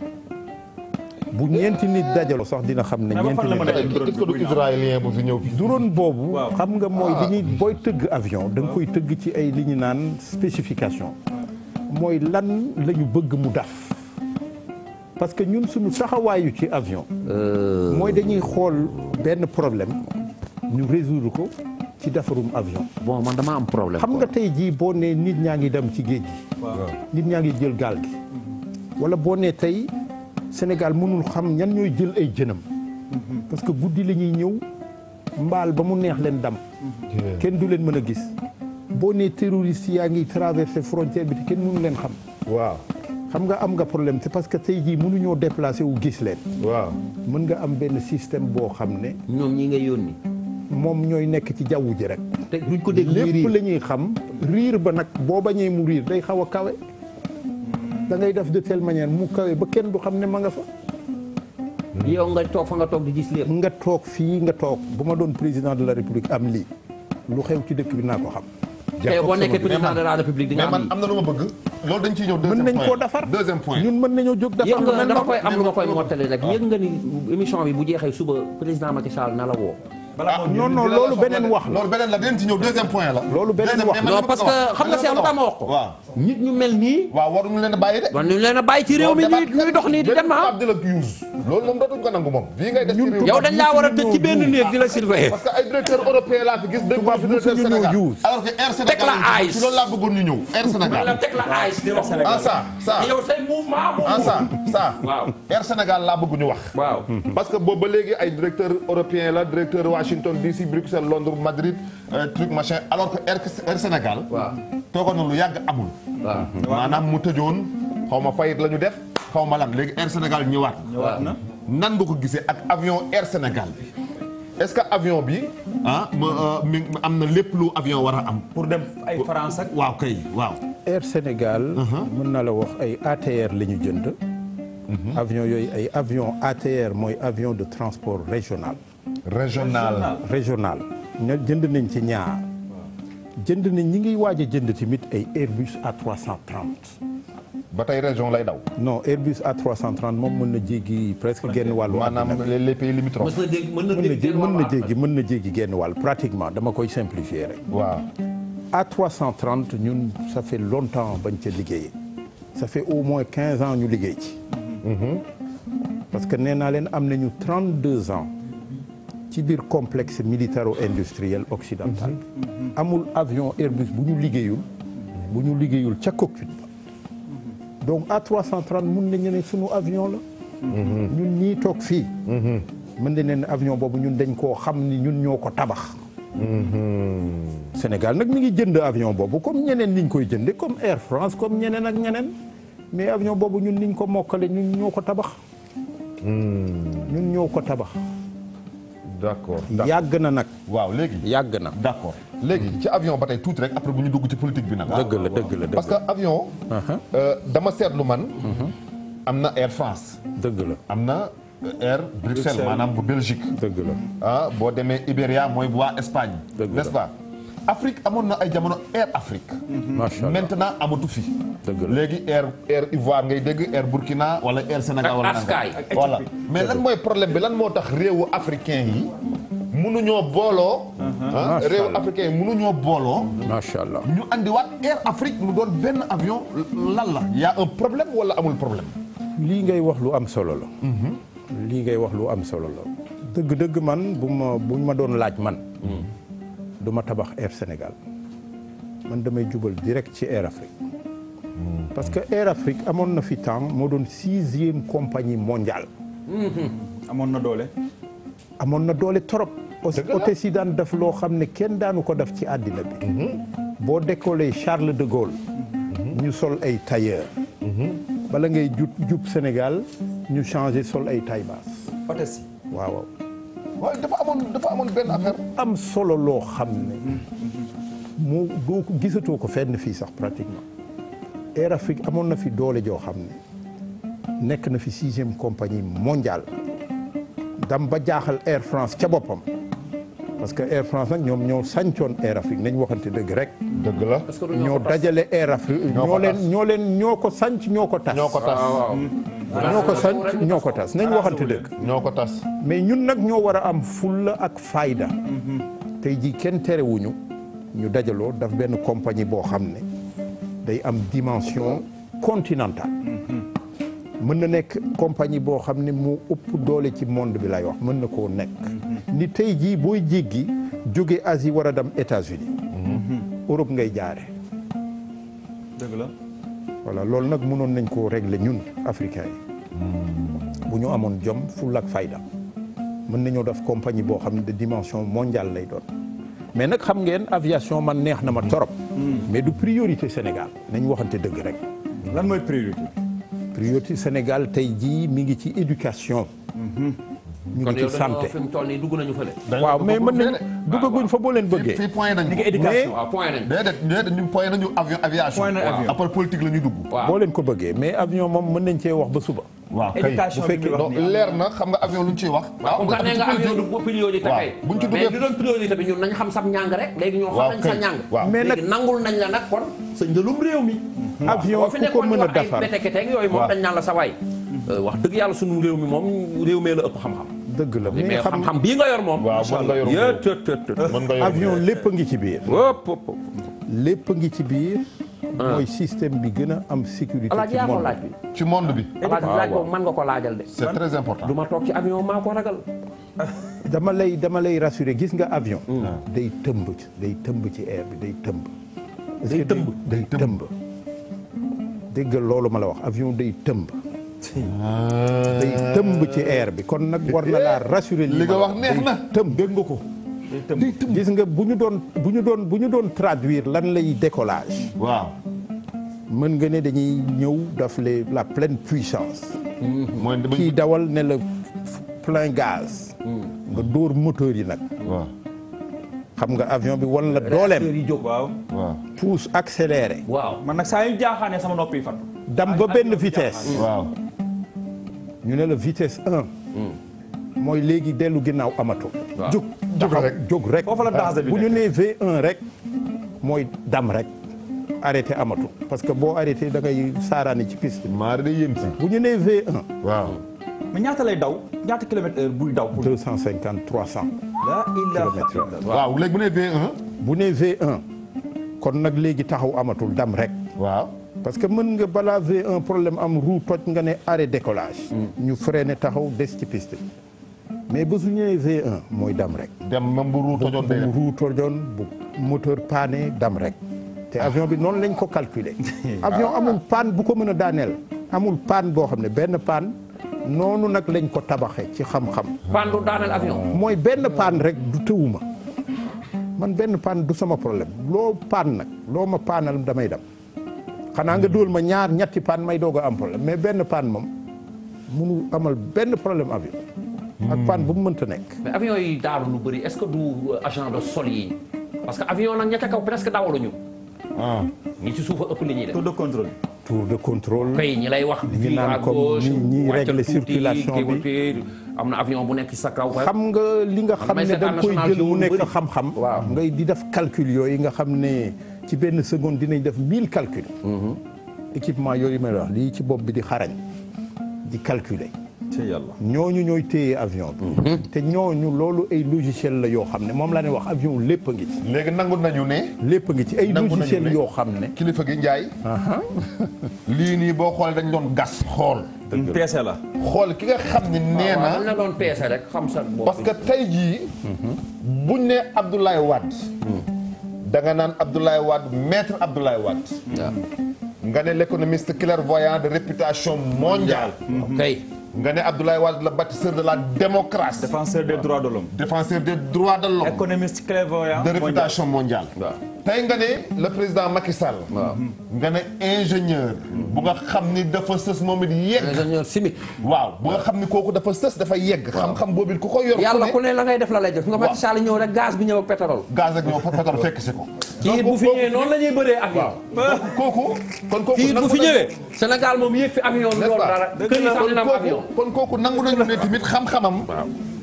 bu ñeenti nit dajaloo sax dina xam ne ñeenti nit israélien bu fi ñëw boobu xam nga mooy li ah. booy tëgg avion da koy tëgg ci ay li ñu naan spécification mooy lan la ñu bëgg mu daf parce que ñun suñu taxawaayu ci avion euh. mooy dañuy xool benn problème ñu résoudre ko ci defarum avion. bon man dama am problème. xam nga tey jii boo nee nit ñaa ngi dem ci géej gi. nit ñaa ngi jël gaal gi. wala boo nee tey Sénégal mënul xam ñan ñooy jël ay jënam parce que guddi la ñuy ñëw mbaal ba mu neex leen dam kenn du leen mën a gis boo nee terroriste yaa ngi traversé frontière bi te kenn mënu leen xam waaw xam nga am nga problème te parce que tey jii mënuñoo déplacé wu gis leen waaw mën nga am benn système boo xam ne ñoom ñi nga yónni moom ñooy nekk ci jaww ji rek te duñ ko dégg lépp la ñuy xam riir ba nag boo bañee mu riir day xaw a kawe da ngay def de telle manière mu kawe ba kenn du xam ne ma nga fa. yow nga toog fa nga toog di gis lépp. nga toog fii nga toog bu ma doon président de la république am lii lu xew ci dëkk bi naa ko xam. jàpp boo nekkee président de la république di nga am man am na lu ma bëgg. loolu dañ ciy ñëw deuxième point mën nañ koo defar deuxième mën nañoo jóg defar. lu mel koy am lu ma koy mottali rek. Ah. yëg nga ni émission bi bu jeexee suba président Macky Sall na la woo. ah non non loolu beneen wax la. loolu beneen la dinañ ci ñëw deuxième point la. loolu beneen wax la non parce que xam nga seen lu tax ma wax ko. waaw nit ñu mel nii. waaw waruñu leen a bàyyi de. waruñu leen a bàyyi ci réew mi ñuy ñuy dox nii di dem ah. loolu moom dootuñu ko nangu moom. bii ngay def ci réew yow dañ laa war a tëj ci benn néeg di la surveiller. parce que ay directeur européen laa fi gis. tubaab bu suñu ñëw jiw alors que Air Sénégal teg la aay loolu laa bëggoon ñu ñëw Air Sénégal. la teg la aay di wax Sénégal ah ça ça yow say mouvement moom ah, ça ça waaw Air Sénégal laa bëgg ñu wax. waaw parce que boobu ba léegi ay directeur européen la directeur waa Washington DC Bruxelles Londres Madrid euh, truc machin alors que Air Sénégal. waaw toogoon na lu yàgg amul. waaw maanaam mu tëjoon xaw ma fayit la ñu def xaw ma lan léegi Air Sénégal ñëwaat. ñëwaat na nan nga ko gisee ak avion Air Sénégal bi. est-ce que avion bi ah euh, mi am na lépp lu avion war a am. pour dem ay France ak. waaw kay waaw. Air Sénégal. Uh-huh. mën na la wax ay ATR la ñu jënd. Mm-hmm. avion yooyu ay avion ATR mooy avion de transport régional. régional régional ña jënd nañ ci ñaar jënd nañ ñu ngi waaj a jënd tamit ay Airbus A330 ba tey région lay daw. non Airbus A330 moom mën na jéggi presque genn wàll. maanaam les pays limitrophes. mën na jéggi mën na jéggi mën na jéggi genn wàll pratiquement dama koy simplifier rek. waaw A330 ñun ça fait bañ ca liggéeyee. ça au moins quinze ans ñu liggéey ci. Mhm. parce que nee leen am nañu trente deux ans. ci biir complexe militaro-industriel occidental amul avion Airbus bu ñu liggéeyul bu ñu liggéeyul ca cockpit ba donc A330 mun nañu ne sunu avion la ñun ñii toog fii mën nañu ne avion boobu ñun dañ koo xam ni ñun ñoo ko tabax Sénégal nag mi ngi jënd avion boobu comme ñeneen niñ koy jënde comme Air France comme ñeneen ak ñeneen mais avion boobu ñun niñ ko mokkale ñun ñoo ko tabax ñun ñoo ko tabax d'accord yàgg na nag. waaw léegi yàgg na. d'accord léegi ci avion ba tey tuuti rek après bu ñu dugg ci bi nag. dëgg la dëgg la parce que avion. Uh-huh. Euh, dama seetlu man. Uh-huh. am na Air France. dëgg la am na. Euh, Air maanaam bu Belgique. dëgg la ah boo demee Iberia mooy bu waa Espagne. dëgg la nest pas. Afrique amoon na ay jamono Air Afrique. Mm-hmm. macha allah maintenant amatu fi. dëgg léegi Air Air Ivoire ngay dégg Air Burkina wala Air Sénégal wala. Askaay voilà mais lan mooy problème bi lan moo tax réewu africain yi. mënuñoo booloo. Mm-hmm. ah réew africain yi mënuñoo booloo. macha allah ñu andiwaat Air Afrique mu doon benn avion lan la. yaa a problème wala amul problème. lii ngay wax lu am solo la. Mm-hmm. ngay wax lu am solo la. dëgg dëgg man bu ma bu ma doon laaj man. du ma tabax Air Sénégal man damay jubal direct ci Air Afrique. Hmm. parce que Air Afrique amoon na fi temps moo doon sixième compagnie mondiale. Hmm. amoon na doole. amoon na doole trop. hôtesse yi daan def loo xam ne kenn daanu ko def ci àddina bi. Hmm. boo décollé Charles de Gaulle. ñu sol ay tailleur. bala ngay jub jub Sénégal ñu changé sol ay taille basse. waaw waaw. waaye dafa amoon benn affaire. am solo loo xam ne. mu doo ko gisatoo ko fenn fii sax pratiquement. Air Afrique amoon na fi doole joo xam ne nekk na fi sixième compagnie mondiale. dam ba jaaxal Air France ca boppam. parce que Air France nag ñoom ñoo sàncoon Air Afrique nañ waxante dëgg rek. dëgg la ñoo dajale Air Afrique. ñoo leen ñoo leen ñoo ko sànc ñoo ko tas. ñoo ko tas ah, ñoo ko sanc ñoo ko tas nañ waxante dëgg ñoo ko tas mais ñun nag ñoo war a am fulla ak fayda tey jii kenn terewuñu ñu dajaloo daf benn compagnie boo xam ne day am dimension continentale mën na nekk compagnie boo xam ne mu ëpp doole ci monde bi lay wax mën na koo nekk ni tey jii booy jéggi jóge Asie war a dem États-Unis mhm. Europe ngay jaare la voilà loolu nag mënoon nañ koo régler ñun africain yi. Hmm. bu ñu amoon jom full fayda. mën nañoo def compagnie boo xam ne de dimension mondiale lay doon. mais nag xam ngeen aviation man neex na ma torop. Hmm. mais du priorité Sénégal nañ waxante dëgg rek. lan mooy priorité. priorité Sénégal tey jii mi ngi ci éducation. Hmm. ñu ngi ci santé fi mu toll nii dugg nañu fële. waaw mais mën nañu duggaguñ fa boo leen boo leen bëggee mais avion moom mën nañ cee wax ba suba. waaw leer na xam nga avion lu ñu wax. ah on nga avion du priorité kay. bu ñu mais nañ xam sa ñàng rek. léegi ñoo xam nañ sa ñàng. mais nangul nañ la nag kon sa njëlum réew mi. avion ku ko mën a defar waaw boo yooyu moom dañ la sa waay Euh, wax dëgg yàlla sunu réew mi moom réew mee la ëpp xam-xam. dëgg la mais xam-xam bii nga yor moom. avion lépp a ngi ci biir. lépp a ngi ci biir. Ah. mooy système bi gën a am sécurité. ci monde bi ci monde bi. Ah, laaj ko laajal de. c'est du ma toog ci avion maa ko ragal. dama lay dama lay rassurer gis nga avion. Hmm. Ah. day tëmb day tëmb ci bi day tëmb. day loolu ma la wax avion day tëmb. Ah. day tëmb ci air bi kon nag war na laa rassurer. li nga wax neex na tëmb dégg nga ko. gis nga bu ñu doon bu ñu doon bu ñu lan lay décollage. waaw. mën nga ne dañuy ñëw daf le la pleine puissance. Hmm, mooy dawal ne la plein gaz. Hmm. nga dóor moteur yi nag. xam nga avion bi wan la dooleem réacteurs yi jóg waaw. waaw pousse accéléré. sama noppi fan. dam ba benn vitesse. waaw. ñu ne la vitesse 1. Hmm. mooy léegi dellu ginnaaw amatul. waaw jóg rek jóg rek. foofu la danger bi bu ñu nee V1 rek mooy dam rek. arrêté amatu parce que boo arrêté da ngay saaraani ci piste bi. maar day yem si. bu ñu nee V1. waaw. mais ñaata lay daw ñaata kilomètre heure buy daw. deux cent cinquante trois cent. la kilomètre heure waaw léegi bu nee V1. bu nee V1 kon nag léegi taxaw amatul dam rek. waaw. parce que mën nga balaa un problème am roue nga ne arrêt décollage. Mm. ñu ne taxaw des ci piste mais ba su ñëwee v mooy dam rek. dem même bu roue tojoon bu roue tojoon dam rek. te ah. avion bi noonu lañ ko calculer ah. avion amul panne bu ko mën a daaneel. amul panne boo xam ne benn paan noonu nag lañ ko tabaxee ci xam-xam. panne du daaneel avion. Ah. mooy benn panne rek du tëwuma man benn panne du sama problème loo panne nag loo ma paanal damay dem. xanaa nga dóol ma ñaar ñetti panne may doog a am problème mais benn panne moom munu amal benn problème avion. ak panne bu mu mënta nekk. mais avion yi daaru lu bëri est-ce que du euh, agent de sol yi parce que avion nag ña ca kaw presque dawaluñu. ah ci suuf a ëpp li ñuy def. tour de contrôle. tour de ñi lay wax. ñi naan comme ñi règle circulation bi bu nekk sa kaw. xam nga li nga xam mu nekk xam waaw ngay di def calcul yooyu nga xam ne. ci benn seconde dinañ def mille calcul. Mhm. équipement yooyu may wax lii ci bopp bi di xarañ di calculer. ci yàlla ñooñu ñooy téye avion bi. Mhm. te ñooñu loolu ay logiciel la yoo xam ne moom laa ne wax avion lépp a ngi ci. léegi nangu nañu ne. lépp a ngi ci ay logiciel yoo xam ne. kilifa gi njaay. lii nii boo xoolee dañ doon gas xool. peese la. xool ki nga xam ne nee rek xam sa bopp parce que tey jii. Mhm. buñ ne Abdoulaye Wade. da nga naan Abdoulaye Wade maître Abdoulaye Wade. nga ne l'économiste clairvoyant de réputation mondiale. kay nga ne Abdoulaye Wade la bâtisseur de la démocratie. défenseur des droits de l'homme défenseur des droits de l'homme économiste clairvoyant de réputation mondiale. tey nga ne le président Macky Sall. nga ne ingénieur. bu nga xam ni dafa sës moom it yegg. ingénieur chimique. waaw bu nga xam ni kooku dafa sës dafa yegg. xam-xam boobu it ku ko yor. ku ne yàlla ne la ngay def la lay def. nga Macky Sall ñëw rek gaz bi ñëw ak pétrole. gaz ak ñëw pétrole fekk si ko. kii bu fi ñëwee noonu la ñuy bëree ak yow. kooku kon kooku kii bu fi ñëwee. Sénégal moom yéeg fi avion. n'est-ce pas dëgg la kon kooku nangu nañu ne tamit xam-xamam.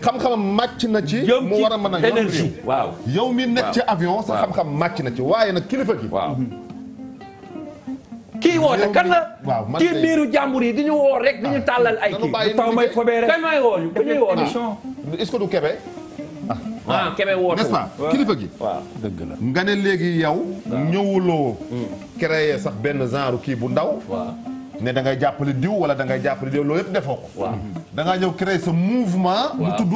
xam-xamam màcc na ci. mu war a mën a énergie waaw yow mi nekk ci avion sa xam-xam màcc na ci waaye nag kilifa gi. waaw kii woote kan la. waaw man kii biiru jàmbur yi di ñu woo rek di ñu ah. tàllal ay kii. du taw may fobee rek kan may woo ñu. dañuy woo émission ah. est-ce que du Kébé. ah, ah Kébé woote n'est-ce pas kilifa gi. waaw dëgg la nga ne léegi yow. ñëwuloo. Hmm. créer sax benn genre kii bu ndaw. waaw. ne da ngay jàppale diw wala da ngay jàppale diw loolu yëpp defoo ko. waaw da ngaa ñëw créer sa mu tudd.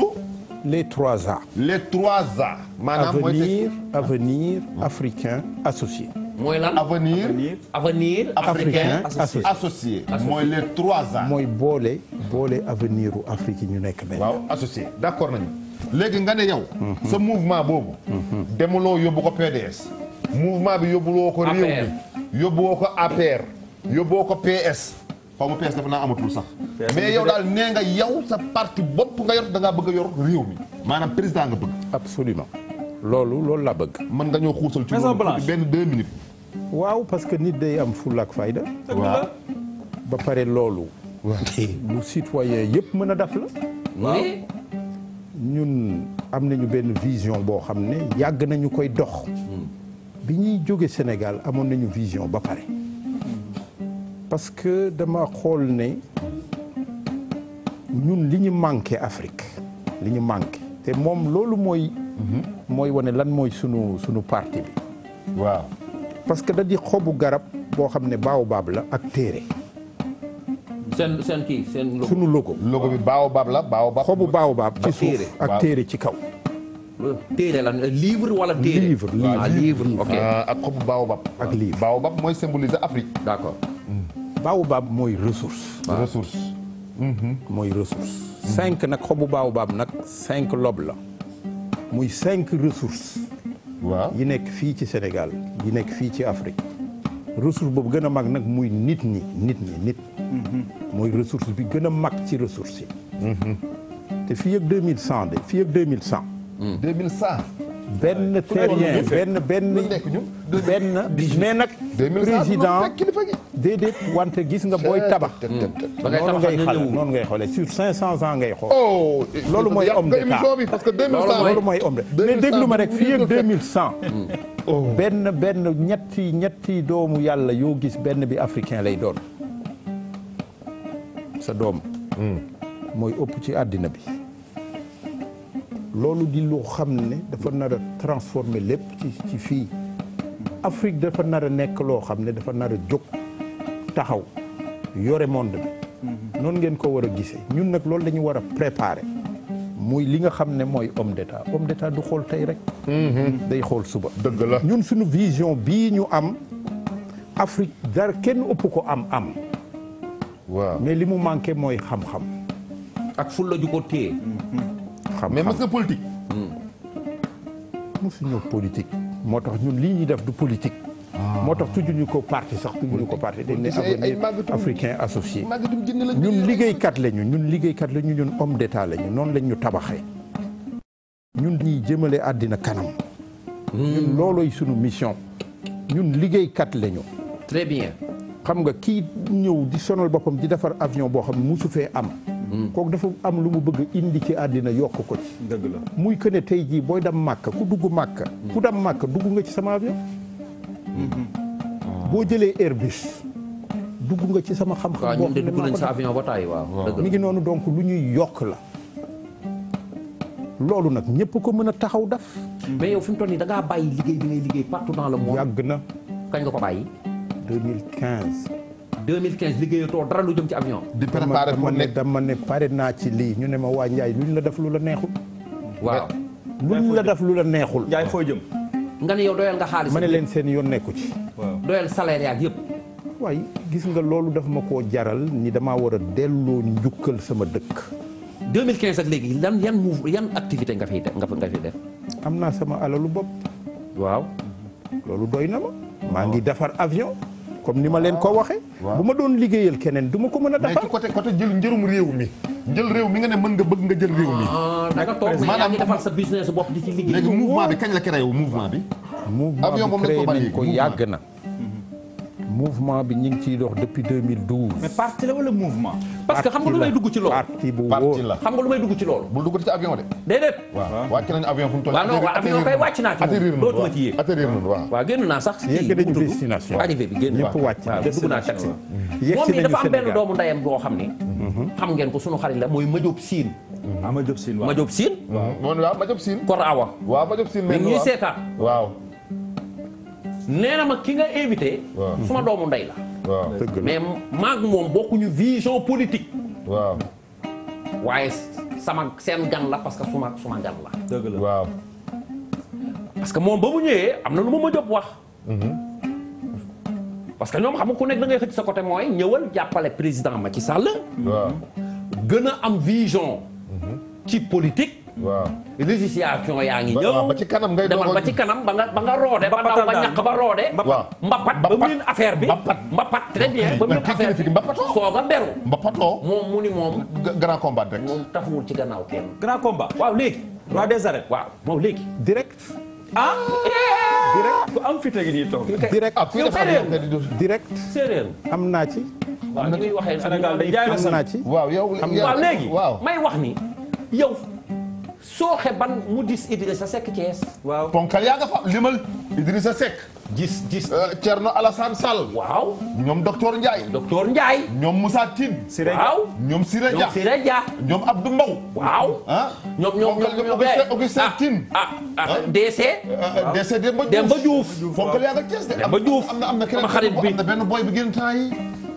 les trois A. les trois A. maanaam mooy avenir avenir africain associé. mooy lan avenir avenir africain associé mooy les trois A. mooy boole boole avenir u Afrique ñu nekk benn. waaw associé d'accord nañu. léegi nga ne yow. sa mouvement boobu. demuloo yóbbu ko PDS. mouvement bi yóbbuloo ko réew mi. yóbbuwoo ko APR. yóbboo ko PS xaw ma PS dafa naa amatul sax. mais yow daal nee nga yow sa parti bopp nga yor da ngaa bëgg a yor réew mi maanaam président nga bëgg. absolument loolu loolu laa bëgg. mën nga ñoo xuusal ci loolu benn deux minutes. waaw parce que nit day am fulla ak fayda. waaw ba pare loolu. lu citoyen yëpp mën a def la. waaw ñun am nañu benn vision boo xam ne yàgg nañu koy dox. Hmm. bi ñuy jóge Sénégal amoon nañu vision ba pare. parce que dama xool ne ñun li ñu manqué Afrique li ñu manqué te moom loolu mooy mooy wane lan mooy sunu sunu parti bi waaw parce que da di xobu garab boo xam ne baab la ak téere seen seen kii seen logo sunu logo logo bi baobab la baobab xobu baab ci suuf ak téere ci kaw téere lan euh, livre wala téere. livre ah, livre ok euh, ak xobu baobab. ak livre baobab mooy symboliser Afrique. d' accord. Hmm. baobab mooy ressource. ressource. Hmm. mooy ressource. Hmm. cinq nag xob baaw baobab nag cinq lob la. muy cinq ressources. waaw yi nekk fii ci Sénégal yi nekk fii ci Afrique. ressource boobu gën a mag nag muy nit ñi nit ñi nit. mooy ressource bi gën a mag ci ressource yi. te fii ak deux mille cent de fii ak mille cent. 2100. benn terrien benn benn benn mais nag président déedéet wante gis nga booy tabax. noonu ngay xal noonu ngay xoolee sur 500 ans ngay xool. Oh, eh, loolu mooy homme d'État loolu mooy homme mais déglu ma rek fii ak 2100. Mm. benn benn ñetti ñetti doomu yàlla yoo gis benn bi africain lay doon sa doom. Mm. mooy ëpp ci àddina bi. loolu di loo xam ne dafa nar a lépp ci fii Afrique dafa nar nekk loo xam ne dafa nara jóg taxaw yore monde bi noonu ngeen ko war a gisee ñun nag loolu dañu war a préparer muy li nga xam ne mooy homme d'état homme d'état du xool tey rek day xool suba dëgg la ñun suñu vision bii ñu am Afrique dara kenn ëpp ko am am waaw mais li mu manqué mooy xam-xam ak fulla la ko téye mm-hmm. xam-xam mais mas nga politique. mosuñu politique. moo tax ñun lii ñuy def du politique. Ah. moo tax tudd ñu ko parti sax tudd ñu ko parti dañ ne avenir africain associé ñun liggéeykat lañu ñun liggéeykat lañu ñun homme d'état lañu noonu lañ ñu tabaxee ñun ñuy jëmalee àddina kanam hmm. ñun loolooy suñu mission ñun liggéeykat lañu très bien xam nga kii ñëw di sonal boppam di defar avion boo xam ne musu fee am. Hmm. kooku dafa am lu mu bëgg indi ci àddina yokk ko ci. dëgg la muy que ne tey jii booy dem màkk ku dugg màkk. ku hmm. dem màkk dugg nga ci sama avion. Hmm. boo jëlee Airbus. dugg nga ci sama xam-xam. boo nañ sa avion ba waaw. mi ngi noonu donk lu ñuy yokk la. loolu nag ñëpp ko mën a taxaw daf mais yow fi mu toll nii da ngaa bàyyi liggéey bi ngay liggéey partout dans le monde. yàgg na kañ nga ko bàyyi. 2015. 2015 liggéeyatoo dara lu jëm ci avion. di préparé fu mu nekk dama ne pare naa ci lii ñu ne ma waa Ndiaye luñ la def lu la neexul. waaw luñ la def lu la neexul. Ndiaye foo jëm. nga ne yow doyal nga xaalis. ma ne leen seen yoon nekku ci. doyal salaire yaak yëpp. waaye gis nga loolu daf ma ko jaral ni damaa war a delloo njukkal sama dëkk. 2015 ak léegi lan yan move yan activité nga fi def nga fiy def. am naa sama alalu bopp. waaw. loolu doy na ma. maa ngi defar avion. comme ni ma leen ko waxee. bu ma doon liggéeyal keneen du ma ko mën a defar. mais jël njërum réew mi. jël réew mi nga ne mën nga bëgg nga jël réew mi. Ah, naka toog yaa ngi defar sa business bopp di ci liggéey. léegi mouvement bi kañ la créé wu mouvement bi. avion bi ko yàgg na. mouvement bi ñu ngi ciy dox depuis 2012. mais parti la wala mouvement. parce que xam nga lu parti bu wóor la xam nga lu may dugg ci loolu. bul dugg ci avion de. déedéet. waaw waaw non avion kay wàcc naa moom dootuma ci yéeg. atterrir nañu waaw. waaw génn naa sax. destination arrivé bi génn. ñëpp wàcc waaw mm-hmm. moom mi dafa am benn doomu ndeyam boo xam ni. Mm-hmm. xam ngeen ko sunu xarit la mooy Madiop Sine. ah Madiop Sine waaw Madiop Sine. Mm-hmm. Kor Awa. waaw Madiop Sine. mais ñuy seetaan waaw nee na ma ki nga invité. ma doomu ndey la. mais maag moom bokkuñu vision politique. waaw. waaye sama seen gan la parce que suma suma gan la. dëgg la waaw. parce que moom ba mu ñëwee am na lu ma ma wax. Mm-hmm. parce que ñoom xam nga ku nekk da ngay xëcc sa côté mooy ñëwal jàppale président ma Sall. waaw gën a am vision. Mm-hmm. ci politique. waaw législation yaa ngi ñëw ba ci kanam ngay demal ba ci kanam ba nga ba nga roode ba daw ba ñàkk ba roode waaw mbapat ba mu leen affaire bi mbapat mbapat très bien ba mu leen affaire bi mbapatoo soog a beru mbapatoo moom mu ni moom grand combat rek moom taxawul ci gannaaw kenn grand combat waaw léegi roi des arènes waaw moom léegi direct ah direct ku am fi tegi nii toog direct ah, direct séeréer am naa ci am naa ci waaw yow waaw léegi may wax ni yow sooxe ban mu dis Idrissa Seck Thiès. waaw ponkal yaa nga fa limal Idrissa Seck. gis gis euh, Thierno Alassane Sall. waaw ñoom docteur Ndiaye. docteur Ndiaye. ñoom Moussa Tine. Siré Dia waaw ñoom Siré Dia. ñoom Siré Dia. ñoom Abdou Mbow. waaw ah. ñoom ñoom ñoom ñoom Augustin ah, Tine. ah ah, ah. DC. Ah, DC Demba Diouf Demba Diouf. ponkal yaa nga Thiès de. Demba Diouf am na am na keneen am na benn boy bi gën temps yi.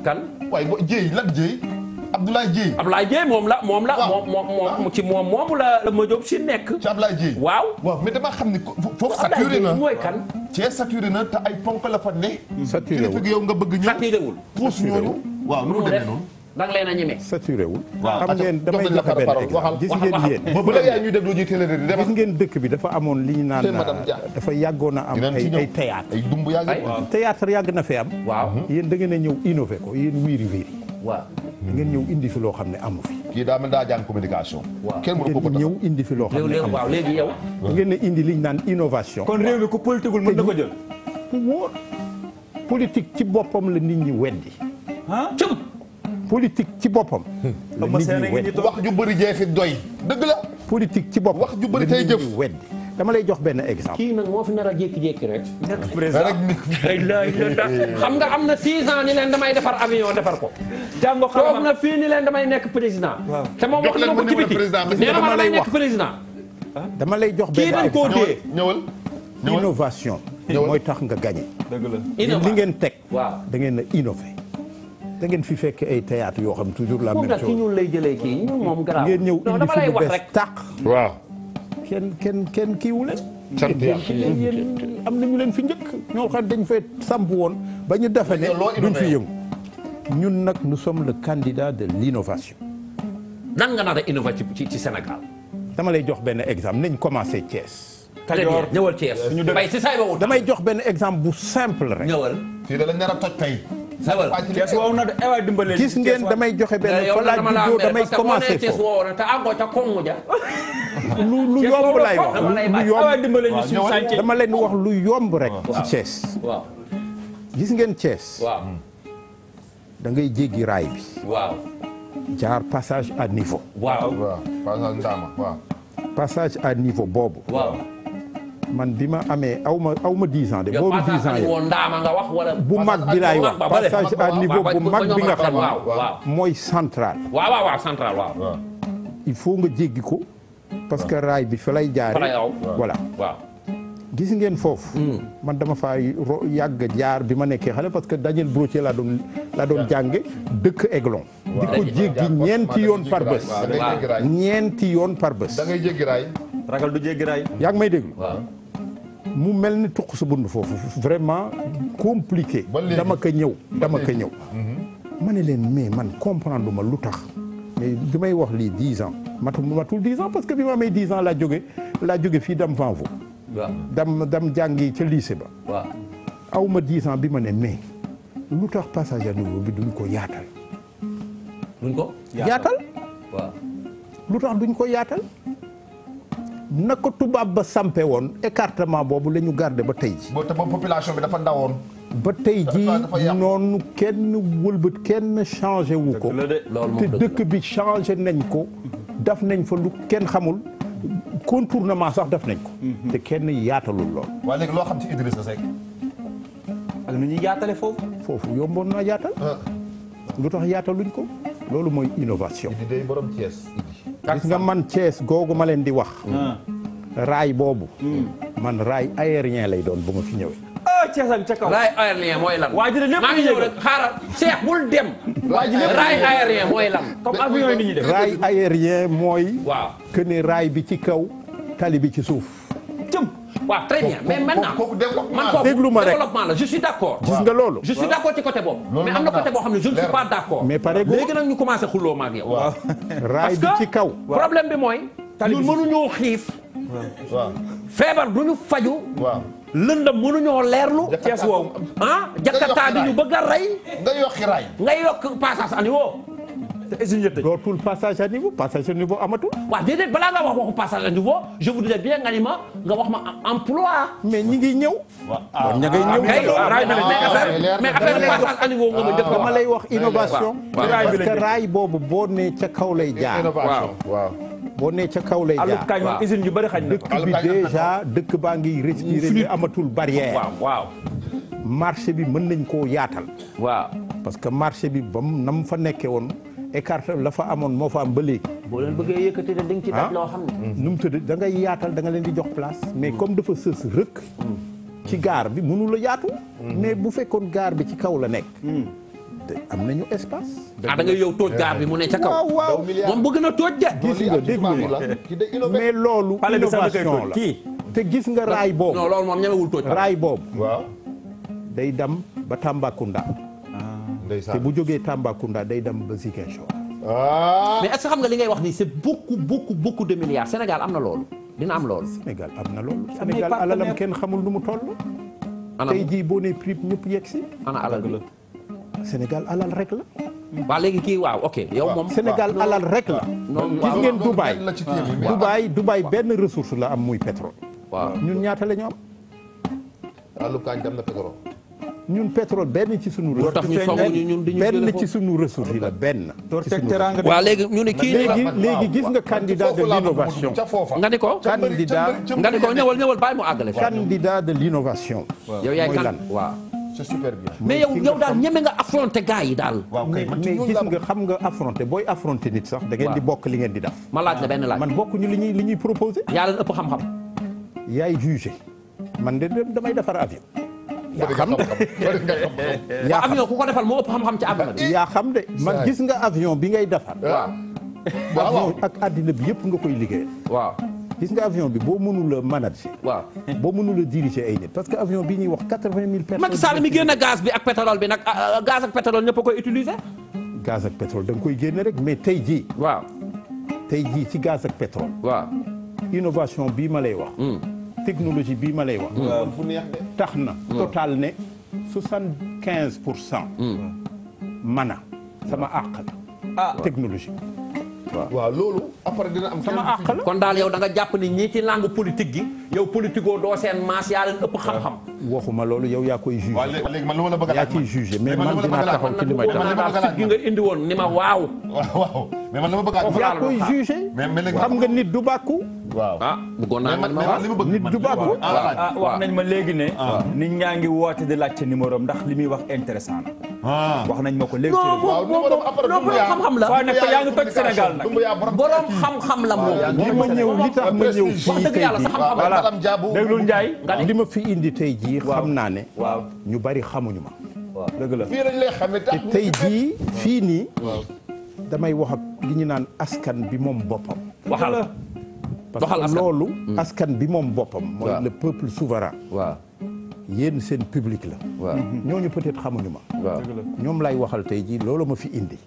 kan waaye bo Dieye lan Dieye. Abdoulaye Dieye. Abdoulaye Dieye moom la moom la. waaw moom moom ci moom moomu la la ma jóg si nekk. ci Abdoulaye Dieye waaw. waaw mais dama xam ni foofu saturé na mooy kan. cee saturé na te ay ponk la fa ne. saturé wul yow nga bëgg ñëw saturé wul. puus ñooñu waaw nu mu demee noonu. da nga leen a ñeme. saturé wul. waaw xam ngeen damay joxe benn exemple gis ngeen yéen. boobu ñuy déglu ñu télé di gis ngeen dëkk bi dafa amoon li ñu naan dafa yàggoon a am ay ay théâtre yàgg. na fi am. waaw yéen da ngeen a ñëw innové ko yéen wiiri wiiri waaw ngeen ñëw indi fi loo xam ne amu fi kii daa mel daa jàng communication kenn mënu ko ko ñëw indi fi loo xam ne amu waaw léegi yow ngeen ne indi liñ naan innovation kon réew mi ku politique mën na ko jël ku ci boppam la nit ñi weddi ah cëm ci boppam la nit ñi weddi wax ju bëri jee fi doy dëgg la politique ci boppam wax ju bëri tey jëf dama lay jox benn exemple. kii nag moo fi nar a jékki-jékki rek. nekk nga am na 6 ans ni leen damay defar avion defar ko. jàngo xam toog na fii ni leen damay nekk président. te moom wax na ko ci biti nee na ah. dama lay jox benn exemple kii innovation. mooy tax nga gagné. dëgg la li ngeen teg. waaw da ngeen a innové. da ngeen fi fekk ay théâtre yoo xam toujours la même lay jëlee kii ñun moom garaaw. ngeen ñëw indi fi lu tàq. waaw. kenn kenn kenn kiiwu leen sant yàlla yéen am na ñu leen fi njëkk ñoo xam dañ fee samp woon ba ñu dafa ne duñ fi yëngu ñun nag nous sommes le candidat de l'innovation nan nga nar a innové ci ci dama lay jox benn exemple nañ commencé Thiès Kajoor ñëwal Thiès damay jox benn exemple bu simple rek ñëwal fii da lañ nar a sabal Cees woowu gis ngeen damay joxe benn fa laa juddoo damay commencé foofu lu yomb laay wax lu yomb dama leen wax lu yomb rek Cees gis ngeen Cees da ngay jéggi raay bi waaw jaar passage à niveau passage à niveau boobu man bi ma amee aw ma aw ma dix ans de. boobu dix ans yi bu mag bi laay wax passage à niveau bu bi nga xam mooy central. waaw waaw il faut nga jéggi ko. parce que raay bi fa lay jaare voilà waaw. gis ngeen foofu. Hmm. man dama faa yàgg jaar bi ma nekkee xale parce que Daniel Brottier laa doon laa doon jànge dëkk Aiglon. di ko jéggi ñeenti yoon par bés. ñeenti yoon par bés. da ragal du jéggi raay. yaa ngi may dégg. waaw mu mel ni tuq sa bund foofu vraiment compliqué. dama ko ñëw dama ko ñëw. Mhm. ma ne leen mais man comprendre ma lu tax mais bi may wax lii dix ans matul matul dix ans parce que bi ma amee dix ans laa jóge laa jóge fii dam Vanvo. waaw dam dam jàngi ca lycée ba. waaw aw ma dix ans bi ma ne mais lu tax passage à niveau bi duñ ko yaatal. duñ ko lu tax duñ ko yaatal. na ko tubaab ba sampe woon écartement boobu lañu garde ba tey ji. boobu population bi dafa ndawoon. ba tey jii noonu kenn wëlbat kenn changé wu ko. te dëkk bi changé nañ ko. daf nañ fa lu kenn xamul. contournement sax def nañ ko. Mhm. te kenn yaatalul lool. waaye loo xam ci Idrissa Seck. ak nu ñuy yaatale foofu. foofu yomboon naa yaatal. Ah. lu tax yaataluñ ko. loolu mooy innovation. borom Thiès. gis nga man cees googu ma leen di wax. Ah. raay boobu. Hmm. man raay aérien lay doon bu ma fi ñëwee. ah Thiès ak ca kaw. raay aérien mooy lan. waa ji lépp maa ngi xaaral Cheikh bul dem. raay aérien mooy lan. raay bi ci kaw tali bi ci suuf. waaw très bien mais maintenant man foofu développement la je suis d' accord. gis nga loolu. je suis d' ci côté boobu. mais am na côté boo xam ne je ne suis pas d' accord. léegi nag ñu commencé xulloo ma ak yow. waaw raay bi ci kaw. problème bi mooy. tali bi mënuñoo xiif. waaw feebar du ñu faju. waaw lëndam mënuñoo leerlu. jakataa ah jakataa bi ñu bëgg a rey. nga yokk raay. nga yokk passage ani woo. usine yëpp tëj. dootul passage à niveau passage à niveau amatul. waaw déedéet balaa nga wax waxu passage à niveau je voudrais bien nga ni ma nga wax ma emploi mais ñi ngi ñëw. waaw ña ngay ñëw. Ah, mais ah, affaire passage à niveau nga ma dëkk dama lay wax innovation. parce que raay boobu boo nee ca kaw lay jaar. waaw boo nee ca kaw lay jaar. allo moom usine yu bëri xañ na dëkk bi déjà dëkk baa ngi respirer bi amatul barrière. waaw marché bi mën nañ koo yaatal. waaw parce que marché bi bam nam fa nekkee woon. écart la fa amoon moo fa am ba léegi. boo leen bëggee yëkkati da nga ci daj ah. loo xam ne. Mm. nu mu tëdd da ngay yaatal da nga leen di jox place. mais mm. comme dafa sës rëkk. Mm. ci gaar bi mënu la yaatu. mais bu fekkoon gaar bi ci kaw la nekk. am nañu espace. ah da nga yow tooj gaar mu ne ca kaw. waaw bëgg na tooj de. gis nga déglu mais loolu. innovation la te gis nga raay boobu. non loolu moom ñemewul tooj boobu. waaw day dem ba Tambacounda. te bu jógee Tambacounda day dem ba Ziguinchor. Ah. mais est-ce que xam nga li ngay wax nii se beaucoup beaucoup beaucoup de milliards Sénégal am na loolu dina am loolu. Sénégal am na loolu. Sénégal alalam kenn xamul nu mu toll. ana tey jii boo nee prix ñëpp yegg si. ana alal bi Sénégal rek la. waa kii waaw ok yow moom. Sénégal alal rek la. gis ngeen Dubaï. Dubaï benn ressource la am muy pétrole. waaw ñun ñaata la ñu am. ñun pétrole benn ci sunu. ressource tax ñu ñu ñun dañuy benn ci sunu ressource yi la benn. ci sunu ressource waaw léegi ñu ne kii léegi léegi gis nga candidat de l'innovation. nga ni ko candidat nga ni ko ñëwal ñëwal bàyyi mu àggale. candidat de l'innovation. yow yaay kan waaw. c'est super bien. mais yow yow daal ñeme nga affronter gars yi daal. waaw kay mais gis nga xam nga affronter booy affronter nit sax. da ngeen di bokk li ngeen di def. ma laaj la benn laaj man bokkuñu li ñuy li ñuy proposer. yaa leen ëpp xam-xam. yaay jugé man de damay defar avion yaa xam yaa xam avion ko defal moo ëpp xam-xam ci àdduna bi. yaa xam de man gis nga avion bi ngay defar. waaw avion ak àddina bi yëpp nga koy liggéey. waaw. gis nga avion bi boo mënul a manager. waaw boo mënul a diriger ay nit parce que avion bi ñuy wax quatre-vingt mille personnes. Macky Sall mi génne gaz bi ak pétrole bi nag ah, ah, gaz ak pétrole ñëpp a koy utiliser. gaz ak pétrole da koy génne rek mais tey ji waaw tey jii ci gaz ak pétrole. innovation bii ma lay wax. Hmm. technologie bii ma lay wax. bu neex tax na. total ne soixante quinze pour cent. Hmm. mana sama àq la. Ah. technologie. waaw loolu après dina am. sama àq kon daal yow danga jàpp ni ñii ci langue politique gi. yow politico doo seen maas yaa leen ëpp xam-xam. ma loolu yow yaa koy jugé. waaw léegi man lu ma la bëgg a laaj yaa ciy li ma a laaj yaa koy jugé. xam nga nit du bàkku. waaw ah, bëggoon naa man ma nit du baax ah, ah, wax nañ ma léegi ne. nit ñaa ngi woote di laajte numéro am ndax li muy wax intéressant wax nañ ma ko léegi. waaw borom li ma fi indi tey jii xam naa ne. waaw ñu bari xamuñu ma. waaw dëgg fii jii fii nii. damay wax ak li ñu naan askan bi moom boppam. waxal parce que loolu hmm. askan bi moom boppam mooy le peuple souverain waaw yéen seen public la waaw hmm. ñooñu peut-être xamuñu ma ñoom lay waxal tey jii loolu ma fi indi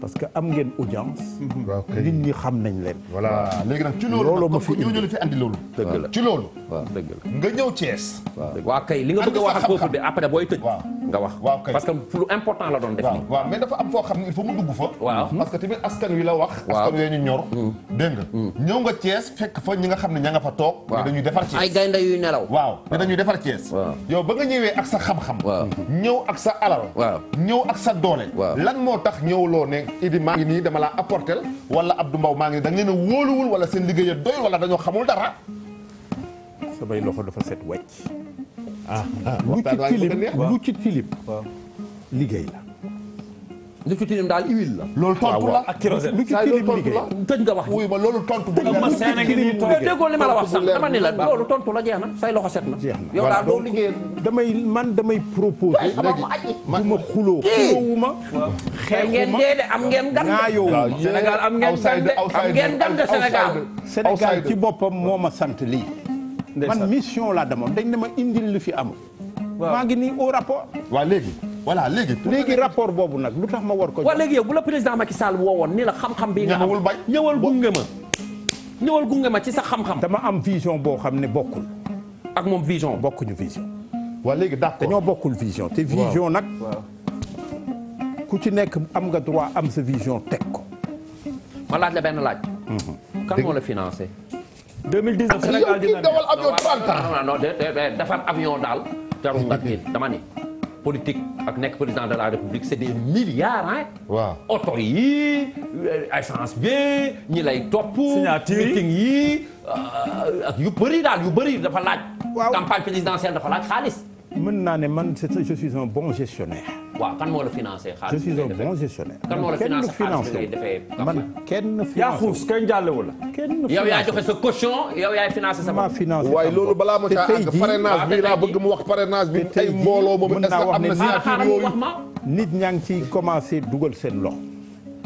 parce que am ngeen audience hmm. nit ñi xam nañ leen voilà léegi nag ci ma fi indi loolu dëgg nga ñëw Thiès waaw kay li nga bëgg a wax ak peuple bi après booy tëj nga wax waaw kay parce que lu important la doon def nii waaw mais dafa am foo xam ne il faut mu dugg fa waaw parce que tamit askan wi la wax askan wi ñu ñor mm. dégg nga mm. ñëw nga Thiès fekk fa ñi nga xam ne ña nga fa toog ne dañuy defar Thiès ay gaynde yuy nelaw waaw ne dañuy defar Thiès yow ba nga ñëwee ak sa xam-xam ñëw ak sa alal ñëw ak sa doole lan moo tax ñëwloo ne Idi maa ngi nii dama laa apporter wala Abdou Mbow maa ngi nii da ngeen wóoluwul wala seen liggéey doy wala dañoo xamul dara samay loxo dafa set wecc Ah. lu ci tilim liggéey la. lu ci tilim daal huile la. loolu tontu ak kérosène lu ci tilim liggéey tëj nga wax. wuy ma loolu tontu bu leer la déggoo li wax sax loolu tontu la jeex na say loxo set na. jeex na yow daal doo liggéeyal damay man damay proposé. léegi man ma xuloo xulóowuma. xeexuma ngeen dee am ngeen gan. waaw Sénégal am ngeen gan de am ngeen gan de Sénégal. ci boppa moo ma sant lii. man mission laa demoon dañ ne ma indil lu fi amul. maa ngi ni au rapport. waaw léegi voilà léegi. léegi rapport boobu nag lu tax ma war ko. waaw léegi yow bu la président Macky Sall woowoon ni la xam-xam bi nga am ñëwul bay ñëwal gunge ma. ñëwal gunge ma ci sa xam-xam. dama am vision boo xam ne bokkul. ak moom vision bokkuñu vision. waaw léegi d'accord dañoo bokkul vision. te vision nag. ku ci nekk am nga droit am sa vision teg ko. ma laaj la benn laaj. Mhm. kan moo la financé. 2019 Sénégal dina dawal avion 30 defar avion daal jarul nga dama ni ak nekk président de la république c'est des milliards hein waaw oto yi euh, essence bi ñi lay topp meeting yi euh, ak yu bëri daal yu bëri dafa laaj campagne présidentielle de laaj xaalis mën naa ne man je suis un bon gestionnaire. waaw kan moo la financé xaalis je suis un bi ngay defee man kenn financé yaa xuus kenn jàllewul la. kenn yow yaa joxe sa caution yow yaay financé sa bopp. financé waaye loolu balaa ma caa àgg parrainage bi laa bëgg mu wax parrainage bi ay am na signature nit ñaa ngi ciy commencé dugal seen loxo.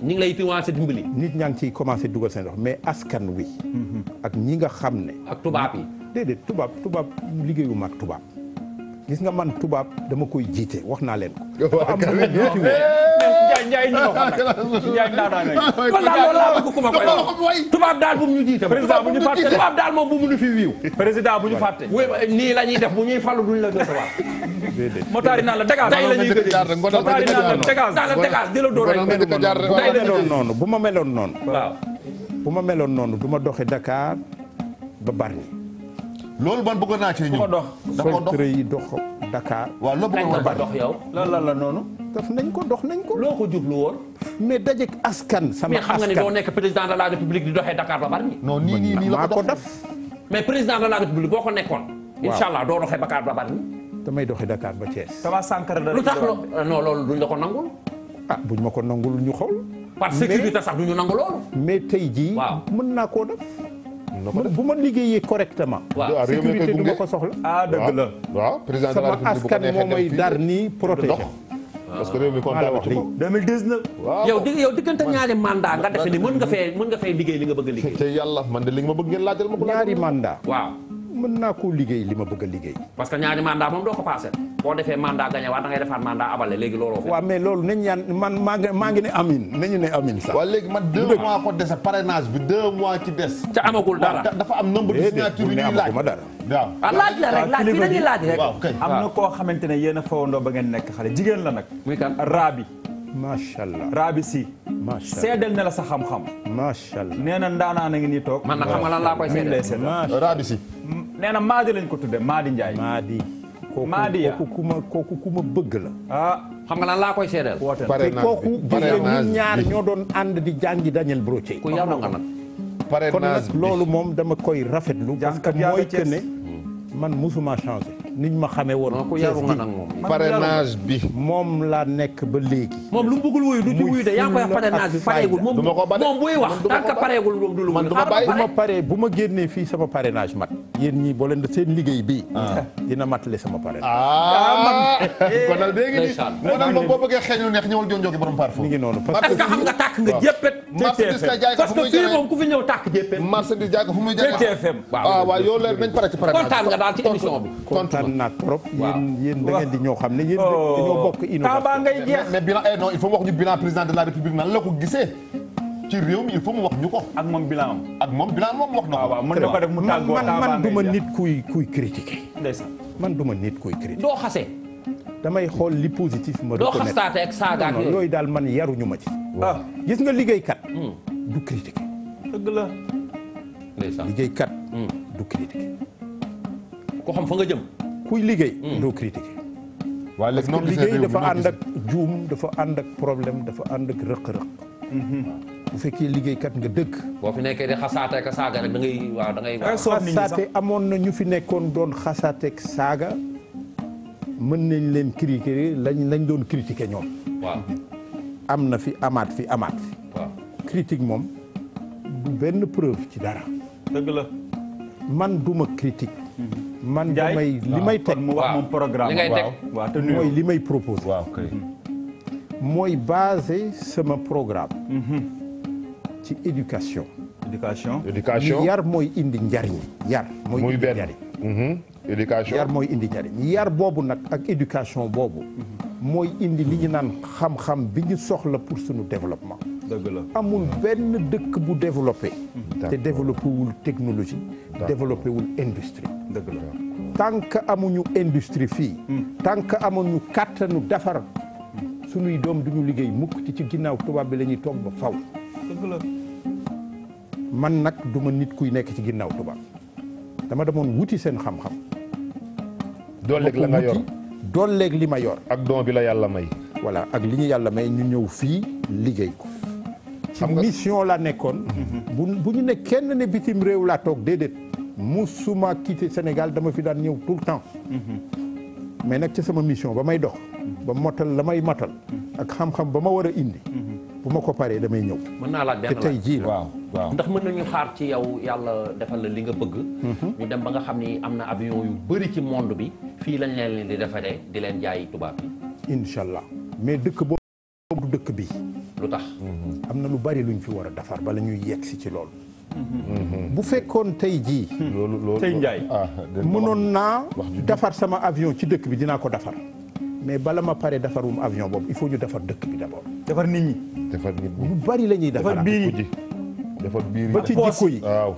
ñi ngi lay commencé dimbali. nit ñaa ngi ciy commencé dugal seen loxo mais askan wi. Mhm. ak ñi nga xam ne. ak tubaab yi déedéet tubaab tubaab liggéeyu mag tubaab. gis nga man tubaab dama koy jiite wax naa leen ko. waaw kàlla jiite Ndiaye ñu ko Ndiaye tubaab daal bu mu ñu jiite. fàtte tubaab daal moom bu mu ñu fi wiiw. président bu ñu fàtte. nii la def bu ñuy falu duñ la recevoir. déedéet motaari naan la dégage. tey la gëj a motaari naan la dégage. naan la dégage di la door noonu bu ma meloon noonu. waaw bu ma meloon noonu du ma doxee Dakar ba Bargny loolu man bëggoon naa cee ñëw. dox centre yi dox Dakar. waaw loo bëggoon ko dox yow. lan lan la noonu. daf nañ ko dox nañ ko. loo ko jublu woon. mais dajek askan. sama askan mais xam nga doo nekk président de la république di doxee dakaar ba bari. non nii nii nii président la république ko nekkoon. waaw incha doo doxee Dakar ba bari. damay doxee Dakar ba Thiès. Thomas da loolu duñ la ko nangul. ah buñ ma ko nangul ñu xool. par sécurité sax duñu nangu loolu. mais tey jii. waaw mën naa koo def. bu ma liggéeyee correctement. waaw sécurité du ma ko soxla. ah dëgg la waaw président de la république bu ko neexee sama askan moo may dar nii protéger. parce que réew mi kontaan na ci moom 2019. waaw yow di yow diggante ñaari mandat nga defe ni mën nga fee mën nga fee liggéey li nga bëgg a liggéey. te yàlla man de li nga ma bëgg ngeen laajal ma ko. ñaari mandat waaw. mën naa ko liggéey li ma bëgg liggéey. parce que ñaari mandat moom doo ko passé. boo defee mandat gagné waat da ngay defaat mandat abale man maa maa ngi ne amin nañu ne amin sax. waaw léegi bi am de signature yu ñuy laaj dara. waaw ah, laaj la rek laaj fi nañuy laaj na koo xamante ne yéen a fawandoo ba ngeen nekk xale jigéen la nag. muy kan Rabi. macha allah Rabi si. macha allah seedal la sa xam-xam. macha allah nee na ndaanaa na ngi nii toog. man nag xam nga lan laa koy seedal. Rabi si. nee na Maadi lañ ko tudde Maadi Ndiaye. Maadi. Maadi ya kooku kuma bëgg la. ah xam nga laa koy seedeel. woote te kooku ñun ñaar ñoo doon ànd di jàngi Daniel Brochet. ku yaru nga nag. kon nag loolu moom dama koy rafetlu. parce que mooy que ne man musuma changé. niñ ma xamee woon. waaw ku yaru nga nag bi. moom la nekk ba léegi. moom lu mu bëggul wuyu du ci wuyu de yaa ngi koy wax parrainage bi pareegul moom moom wax tant pareegul lu ma bàyyi bu ma bu ma génnee fii sama parrainage mat. yéen ñii boo leen seen liggéey bii. Ah. dina matale sama parrainage. ah eh. kon nag léegi nii moo tax moom boo bëggee xeeñ ngi noonu parce que xam nga tàkk nga jéppet. parce que fii moom ku fi ñëw ah, nga daal ci kontaan naa trop. waaw yéen da ngeen ne yéen oh. dañoo bokk innovation. temps ngay jeex mais bilan eh, non il la république nan la ko gisee. ci réew mi il faut mu wax ñu ko. ak moom bilan am ak moom bilan na ko. Ah, waaw mën na ko def mu tàggoo man man du ma nit kuy kuy critiquer. man du ma nit kuy critiquer. doo xase. damay xool li positif ma. reconnaître doo yooyu. daal man yaruñu ma ci. Ah. gis nga liggéeykat. Hmm. du critiquer. dëgg la. ndeysaan liggéeykat. Hmm. du critiquer. ko xam fa nga jëm. kuy liggéey. doo critiquer. waaw léegi parce que liggéey dafa ànd ak juum dafa ànd ak problème dafa ànd ak rëq-rëq. Mm-hmm. bu fekkee liggéeykat nga dëkk. boo fi nekkee di xasaate ak saaga rek da ngay waaw da ngay. amoon na ñu fi nekkoon doon xasaate ak saaga mën nañ leen critiquer lañ lañ doon critiquer ñoom. am na fi amaat fi amaat fi. waaw moom du benn preuve ci dara. dëgg la man duma critique. Mm-hmm. man damay li may teg programme waaw te mooy li may proposé waaw mm-hmm. mooy basé sama programme mm-hmm. ci éducation éducation éducation yar mooy indi njariñ yar mooy indi njariñ yar mooy indi njariñ yar boobu nag ak éducation boobu mooy indi li ñu naan xam-xam bi ñu soxla pour suñu développement dëgg la amul benn dëkk bu développé te développé wul technologie développé wul industrie dëgg tant que amuñu industrie fii hmm. tant que amuñu kàttanu defar suñuy doom duñu liggéey mukk ci ci ginnaaw tubaab bi la ñuy toog ba faw man nag du nit kuy nekk ci ginnaaw tubaab dama demoon wuti seen xam-xam dooleeg la nga yor dooleeg li ma yor ak doom bi la yàlla may voilà ak li ñu yàlla may ñu ñëw fii liggéey ko ci mission laa nekkoon. bu bu ñu ne kenn ne bitim réew laa toog déedéet musuma quitté Sénégal dama fi daan ñëw tout le temps. mais nag ci sama mission ba may dox. ba motal la may matal. ak xam-xam ba ma war a indi. bu ma ko paree damay ñëw. mën naa laaj benn te tey jii waaw waaw ndax mën nañu xaar ci yow yàlla defal la li nga bëgg. Mhm. ñu dem ba nga xam ni am na avion yu bëri ci monde bi fii lañ leen leen di defaree di leen jaayi tubaab bi. incha allah mais dëkk boobu dëkk bi. lu tax. am na lu bari lu ñu fi war a defar bala ñuy yegg si ci loolu. Mhm. bu fekkoon tey jii. Hmm. loolu loolu tey Ndiaye. Ah, mënoon naa defar sama avion ci dëkk bi dinaa ko defar. mais bala ma pare defarum avion boobu il faut ñu defar dëkk bi d' abord. defar nit ñi. defar lu bari la ñuy defar. defar biir biir yi ba ci jikko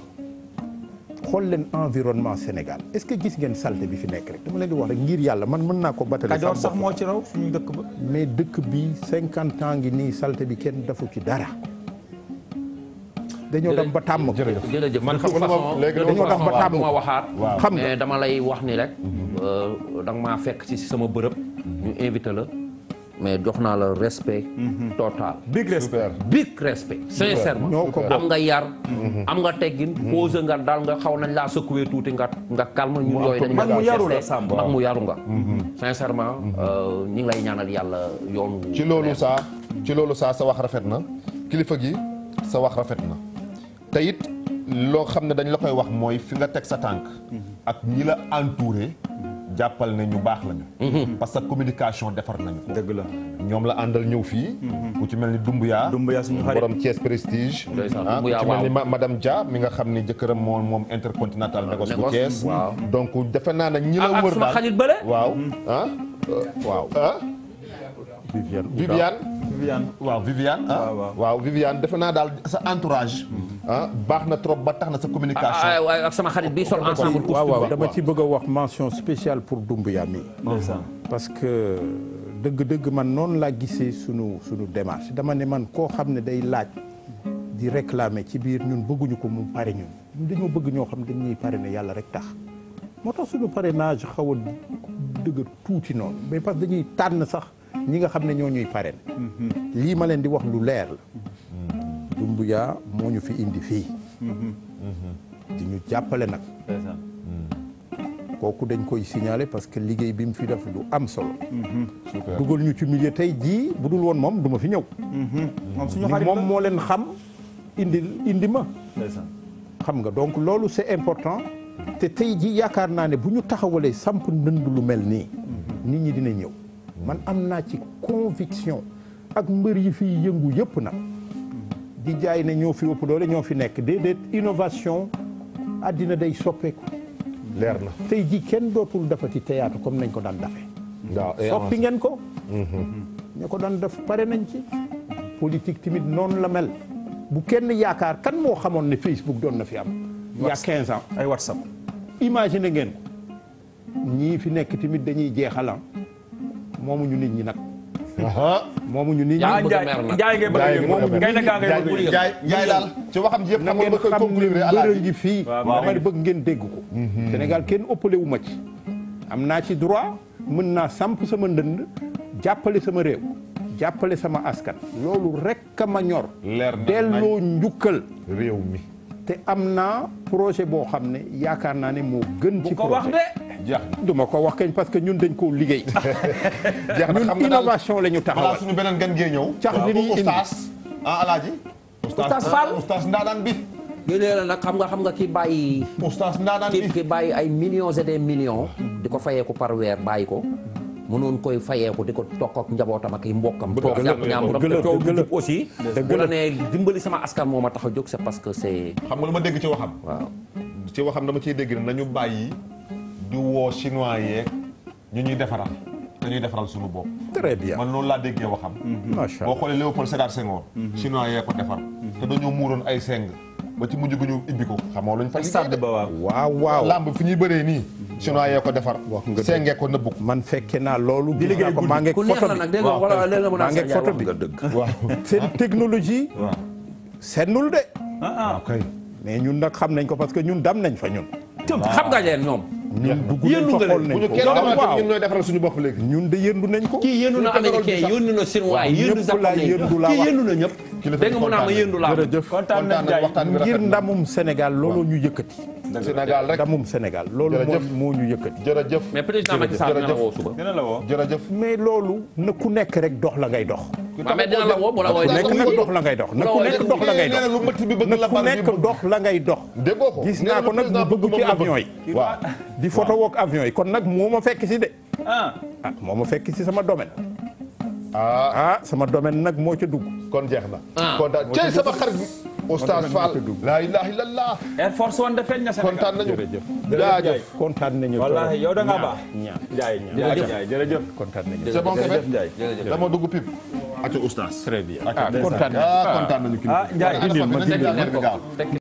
xool leen environnement Sénégal est-ce que gis ngeen salte bi fi nekk rek dama leen di wax rek ngir yàlla man mën naa ko batale Kajoor sax moo ci raw suñu dëkk ba mais dëkk bi cinquante ans ngi nii salte bi kenn dafu ci dara dañoo dem ba tàmm jërëjëf man xam nga dañoo dem ba tàmm ma waxaat xam nga dama lay wax nii rek mhm. euh, da nga maa fekk ci sama bërëb ñu invité la mais jox naa la respect. Mhm. total big respect big respect. sincèrement am nga yar. Mhm. am nga teggin. Mhm. pose daal nga xaw nañ laa secouer tuuti nga nga calme ñu yooyu dañu mag mu yaru la Samba mag mu yaru euh, ñu ngi lay ñaanal yàlla yoonu. ci loolu saa ci loolu saa sa wax rafet na kilifa gi sa wax rafet na te it loo xam ne dañ la koy wax mooy fi nga teg sa tànk. ak ñi la entouré. jàppal ne ñu baax lañu. Mhm. parce que communication defar nañu ko. la ñoom la àndal ñëw fii. Mhm. ku ci mel ni Dumbuya. Dumbuya suñu xarit borom Thiès Prestige. ah ku ci mel ni madame Dia mi nga xam ni jëkkëram moom moom intercontinental. négoce bu Thiès donc defe naa ne ñi la ah, ah, wër daal ak suma xarit bële. waaw mhm. ah, euh, ah. Viviane waaw Viviane ah? waaw Viviane defe naa daal sa entourage ah baax na trop ba tax na sa communication ah, ah, waaw ak sama xarit bi sol ensemble waaw dama ci bëgg a wax mention spéciale pour Doumbouya mi parce que dëgg-dëgg man noonu laa gisee sunu sunu démarche dama ne man koo xam ne day laaj di réclamer ci biir ñun bëgguñu ko mu pare ñun dañoo bëgg ñoo xam dañuy pare ne yàlla rek tax moo tax suñu parrainage xaw a dëgg tuuti noonu parce que dañuy tànn sax ñi nga xam ne ñoo ñuy parrain lii ma leen di wax lu leer la Doumbouya moo ñu fi indi fii di ñu jàppale nag kooku dañ koy signaler parce que liggéey bi mu fi def lu am solo. dugal ñu ci milieu tey jii bu dul woon moom du ma fi ñëw. moom suñu xarit moom moo leen xam indi indi ma. xam nga donc loolu c'est important. te tey jii yaakaar naa ne bu ñu taxawalee samp ndënd lu mel nii. nit ñi dinañ ñëw. man am naa ci conviction ak mbër yi fi yëngu yëpp nag di jaay ne ñoo fi ëpp doole ñoo fi nekk déedéet innovation addina day soppeeku. leer na tey jii kenn dootul dafati théâtre comme nañ ko daan dafe soppi ngeen ko. Mhm. ñu ko daan def pare nañ ci. politique timit noonu la mel. bu kenn yaakaar kan moo xamoon ne Facebook doon na fi am. il y a 15 ans ay WhatsApp. imagine ngeen ko ñii fi nekk tamit dañuy jeexalan ah. moomuñu nit ñi nag. moomuñu nit ñi. yaa njaay ngay bëgg a yëg moom ngay nekkaa ngay bëgg a yëg njaay daal ci waxam ji yëpp xam nga koy conclure alaaji ngi fii dama bëgg ngeen dégg ko mhm. Sénégal kenn ëppale wu ma ci am naa ci droit mën naa samp sama ndënd jàppale sama réew jàppale sama askan loolu rek a ma ñor delloo njukkal réew mi te am naa projet boo xam ne yaakaar naa ne moo gën ci projet du ma ko wax kañ parce que ñun dañ koo liggéey. jeex na ñun innovation la ñu taxawal. suñu beneen gan ngee ñëw. cax bi ñuy indi ah Alaaji. Oustaz Fall Oustaz Ndaanaan bi. génnee la nag xam nga xam nga ki bàyyi. Oustaz Ndaanaan bi ki bàyyi ay millions et des millions. di ko fayeeku par weer bàyyi ko. mënoon koy fayeeku di ko tokk ak njabootam ak i mbokkam toog jàpp ñaamuram te coow du jub aussi bu la nee dimbali sama askan moo ma tax a jóg c'est parce que c'est xam nga lu ma dégg ci waxam waaw ci waxam dama ciy dégg ne nañu bàyyi di woo chinois yee ñu ñuy defaral dañuy defaral suñu bopp. très bien man noonu laa déggee waxam. Mm-hmm. macha allah boo xoolee Léopold Sédar Senghor. Mm-hmm. chinois yee ko defar. Mm-hmm. te dañoo muuroon ay seng. ba ci mujj bu ñu ibbi ko xamoo luñ fa stade ba waaw waaw waaw lamb fi ñuy bëree nii chinois yee ko defar sengee ko nëbbu man fekke naa loolu di liggéey ko maa ngeeg photo bi maa ngeeg photo seen technologie sennul de ah, ah. Ah, mais ñun nag xam nañ ko parce que ñun dam nañ fa ñun xam nga leen ñoom ñun dugg nañ fa xool nañ ko waaw ñun ñooy defaral suñu bopp léegi ñun de yëndu nañ ko kii yëndu na américain yëndu na chinois yëndu japonais kii yëndu na ñëpp kilifa a kontaan nañu jërëjëf kontaan nañu waxtaan bi ngir ndamum Sénégal loolu moo ñu yëkkati. jërëjëf mais président Macky Sall dina la woo suba. dina la woo loolu na nekk rek dox la ngay dox. waaw mais dina la woo nekk nag dox la ngay dox. na na ku nekk dox la ngay dox. déggoo ko gis naa ko nag mu dugg avion yi. waaw di photo wook avion yi kon nag moo ma fekk si de. ah, ah moo ma fekk si sama domaine. Ah. ah sama domaine nag moo ca dugg. kon jeex na. Ah. kontaan cey sama xarit bi. Oustaz Fall laa ilaaha illallah. Air Force One de feeñ na Sénégal kontaan nañu. jërëjëf jërëjëf kontaan nañu. wallaahi yow da ngaa baax. ñaar Ndiaye Ndiaye jërëjëf kontaan nañu. c'est bon jërëjëf dama dugg pip. ak Oustaz. très bien ah, ah kontaan nañu. ah kontaan nañu kii bi ah Ndiaye